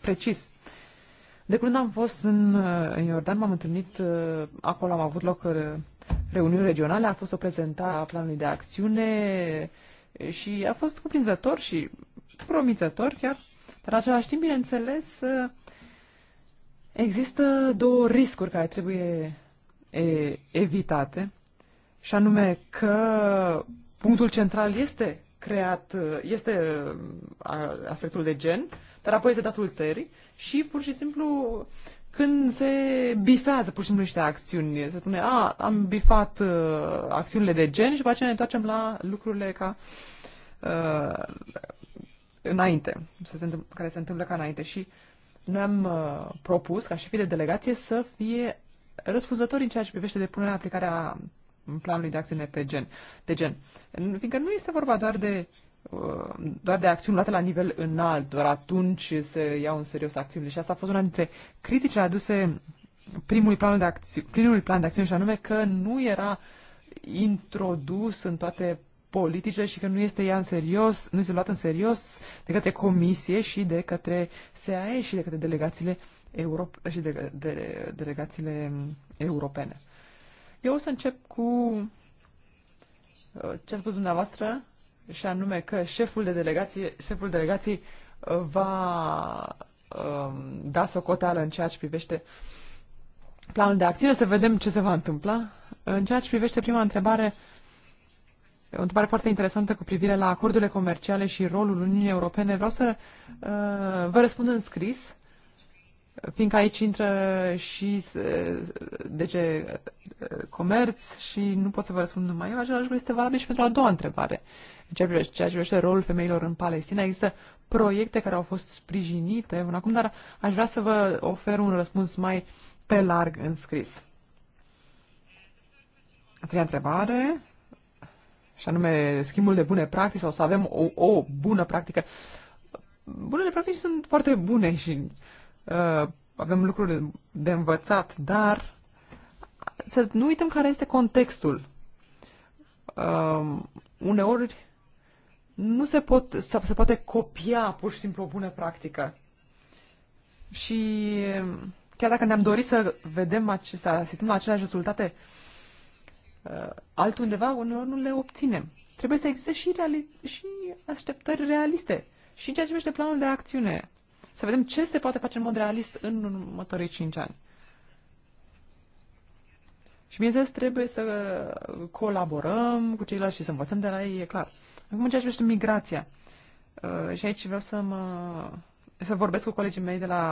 precis. De când am fost în, uh, în Iordan, m-am întâlnit, acolo am avut loc reuniuni regionale, a fost o prezentare a planului de acțiune, și a fost cuprinzător și promițător chiar, dar același timp, bineînțeles, uh, există două riscuri care trebuie evitate, și anume că punctul central este creat, uh, este uh, aspectul de gen, dar apoi este dat ulterii și pur și simplu când se bifează pur și simplu niște acțiuni. Se spune, a, am bifat uh, acțiunile de gen și după aceea ne întoarcem la lucrurile ca uh, înainte, să se întâmplă, care se întâmplă ca înainte. Și noi am uh, propus, ca șefii de delegație, să fie răspunzători în ceea ce privește depunerea aplicarea planului de acțiune pe gen, de gen. Fiindcă nu este vorba doar de Uh, doar de acțiuni luate la nivel înalt, doar atunci se iau în serios acțiunile. Și asta a fost una dintre criticile aduse primului plan de, acțiuni. primului plan de acțiune și anume că nu era introdus în toate politice și că nu este ea în serios, nu este luat în serios de către comisie și de către SAE și de către delegațiile, euro- și de, de, de, delegațiile europene. Eu o să încep cu uh, ce a spus dumneavoastră și anume că șeful de delegație, șeful delegației uh, va um, da socoteală în ceea ce privește planul de acțiune, să vedem ce se va întâmpla. În ceea ce privește prima întrebare, o întrebare foarte interesantă cu privire la acordurile comerciale și rolul Uniunii Europene, vreau să uh, vă răspund în scris, fiindcă aici intră și uh, de ce uh, Comerț și nu pot să vă răspund numai eu, același lucru este valabil și pentru a doua întrebare ceea ce privește rolul femeilor în Palestina. Există proiecte care au fost sprijinite până acum, dar aș vrea să vă ofer un răspuns mai pe larg în scris. A treia întrebare, și anume schimbul de bune practici sau să avem o, o bună practică. Bunele practici sunt foarte bune și uh, avem lucruri de, de învățat, dar să nu uităm care este contextul. Uh, uneori nu se, pot, se poate copia pur și simplu o bună practică. Și chiar dacă ne-am dorit să vedem, să asistăm aceleași rezultate uh, altundeva, uneori nu le obținem. Trebuie să existe și, reali- și așteptări realiste. Și în ceea ce privește planul de acțiune, să vedem ce se poate face în mod realist în următorii 5 ani. Și bineînțeles, trebuie să colaborăm cu ceilalți și să învățăm de la ei, e clar. Acum, în ceea ce privește migrația, uh, și aici vreau să mă să vorbesc cu colegii mei de la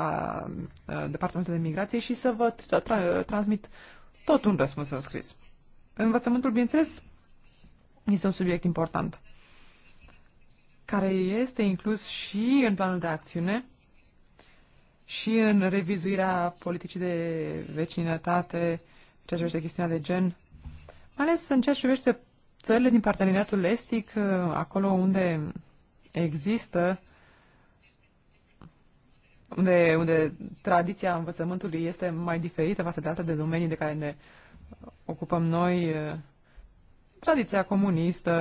uh, Departamentul de Migrație și să vă tra- tra- transmit tot un răspuns în scris. Învățământul, bineînțeles, este un subiect important care este inclus și în planul de acțiune și în revizuirea politicii de vecinătate, ceea ce privește chestiunea de gen, mai ales în ceea ce privește țările din parteneriatul estic, uh, acolo unde există unde, unde tradiția învățământului este mai diferită față de alte de domenii de care ne ocupăm noi, uh, tradiția comunistă,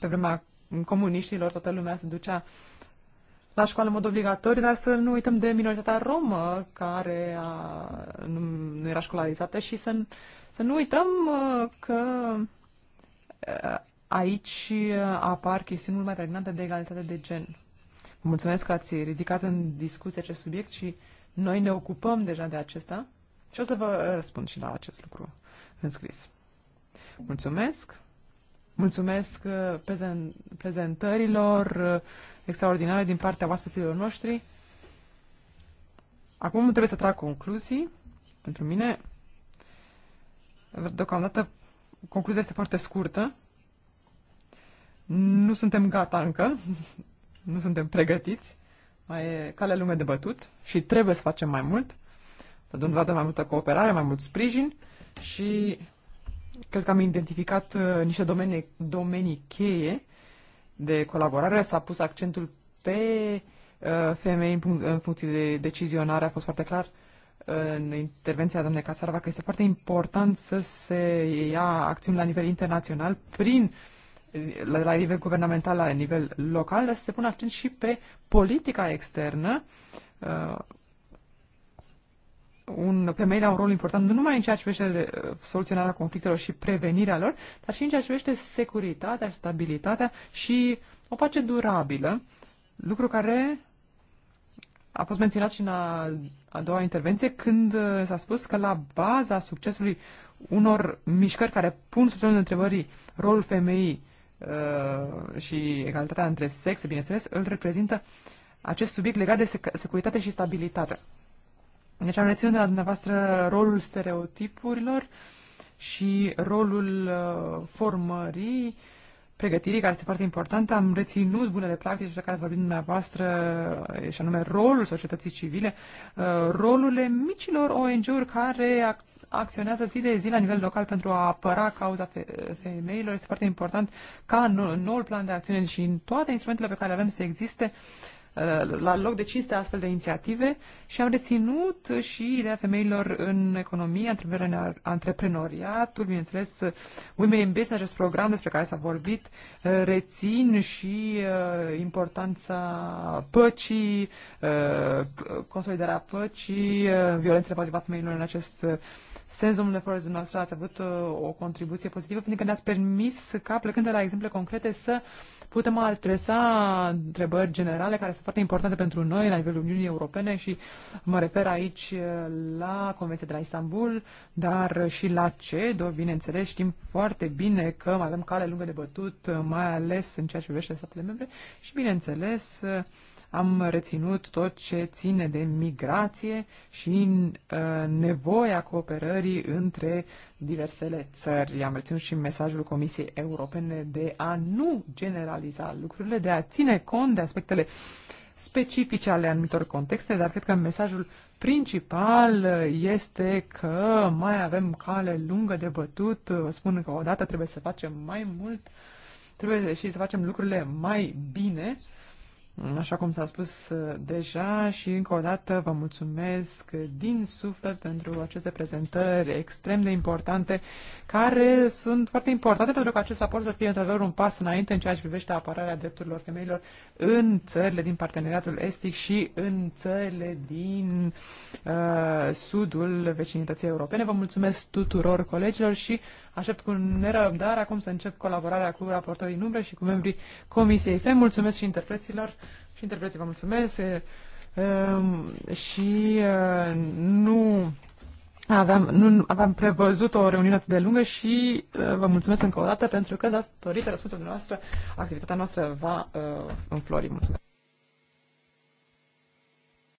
pe vremea comuniștilor toată lumea se ducea la școală în mod obligatoriu, dar să nu uităm de minoritatea romă care a, nu, nu era școlarizată și să, să nu uităm uh, că aici apar chestiuni mult mai pregnante de egalitate de gen. Vă mulțumesc că ați ridicat în discuție acest subiect și noi ne ocupăm deja de acesta și o să vă răspund și la acest lucru în scris. Mulțumesc! Mulțumesc uh, prezen- prezentărilor uh, extraordinare din partea oaspeților noștri. Acum trebuie să trag concluzii pentru mine. Deocamdată concluzia este foarte scurtă. Nu suntem gata încă, nu suntem pregătiți, mai e calea lume de bătut și trebuie să facem mai mult, să dăm dovadă mai multă cooperare, mai mult sprijin și cred că am identificat uh, niște domenii, domenii cheie de colaborare. S-a pus accentul pe uh, femei în, punct, în funcție de decizionare, a fost foarte clar. Uh, în intervenția doamnei Cațarava că este foarte important să se ia acțiuni la nivel internațional prin la, nivel guvernamental, la nivel local, dar să se pună accent și pe politica externă. Uh, un, femeile au un rol important nu numai în ceea ce privește uh, soluționarea conflictelor și prevenirea lor, dar și în ceea ce privește securitatea, stabilitatea și o pace durabilă, lucru care a fost menționat și în a, a doua intervenție când uh, s-a spus că la baza succesului unor mișcări care pun sub semnul întrebării rolul femeii uh, și egalitatea între sexe, bineînțeles, îl reprezintă acest subiect legat de sec- securitate și stabilitate. Deci am reținut de la dumneavoastră rolul stereotipurilor și rolul uh, formării uh, pregătirii, care este foarte importantă. Am reținut bunele practici pe care ați vorbit dumneavoastră, și anume rolul societății civile, uh, rolurile micilor ONG-uri care acționează zi de zi la nivel local pentru a apăra cauza femeilor. Este foarte important ca în noul plan de acțiune și în toate instrumentele pe care le avem să existe Uh, la loc de cinste astfel de inițiative și am reținut și ideea femeilor în economie, antreprenoriatul, bineînțeles, uh, Women in Business, acest program despre care s-a vorbit, uh, rețin și importanța păcii, consolidarea păcii, violențele împotriva femeilor în acest sens, domnule Forest, dumneavoastră ați avut o contribuție pozitivă, fiindcă ne-ați permis ca, plecând de la exemple concrete, să uh, putem adresa întrebări generale care sunt foarte importante pentru noi la nivelul Uniunii Europene și mă refer aici uh, la Convenția de la Istanbul, dar și la CEDO, bineînțeles, știm foarte bine că mai avem cale lungă de bătut, uh, mai ales în ceea ce privește statele membre și, bineînțeles, uh, am reținut tot ce ține de migrație și uh, nevoia cooperării între diversele țări. Am reținut și mesajul Comisiei Europene de a nu generaliza lucrurile, de a ține cont de aspectele specifice ale anumitor contexte, dar cred că mesajul principal uh, este că mai avem cale lungă de bătut. Vă spun că odată trebuie să facem mai mult, trebuie și să facem lucrurile mai bine Mm, așa cum s-a spus uh, deja și încă o dată vă mulțumesc din suflet pentru aceste prezentări extrem de importante, care sunt foarte importante pentru că acest raport să fie într-adevăr un pas înainte în ceea ce privește apărarea drepturilor femeilor în țările din parteneriatul estic și în țările din uh, sudul vecinității europene. Vă mulțumesc tuturor colegilor și aștept cu nerăbdare acum să încep colaborarea cu raportorii numbre și cu membrii Comisiei FEM. Mulțumesc și interpreților și interpreții, vă mulțumesc. Ehm, și nu aveam, nu aveam prevăzut o reuniune atât de lungă și vă mulțumesc încă o dată pentru că, datorită răspunsului noastră, activitatea noastră va înflori. Mulțumesc!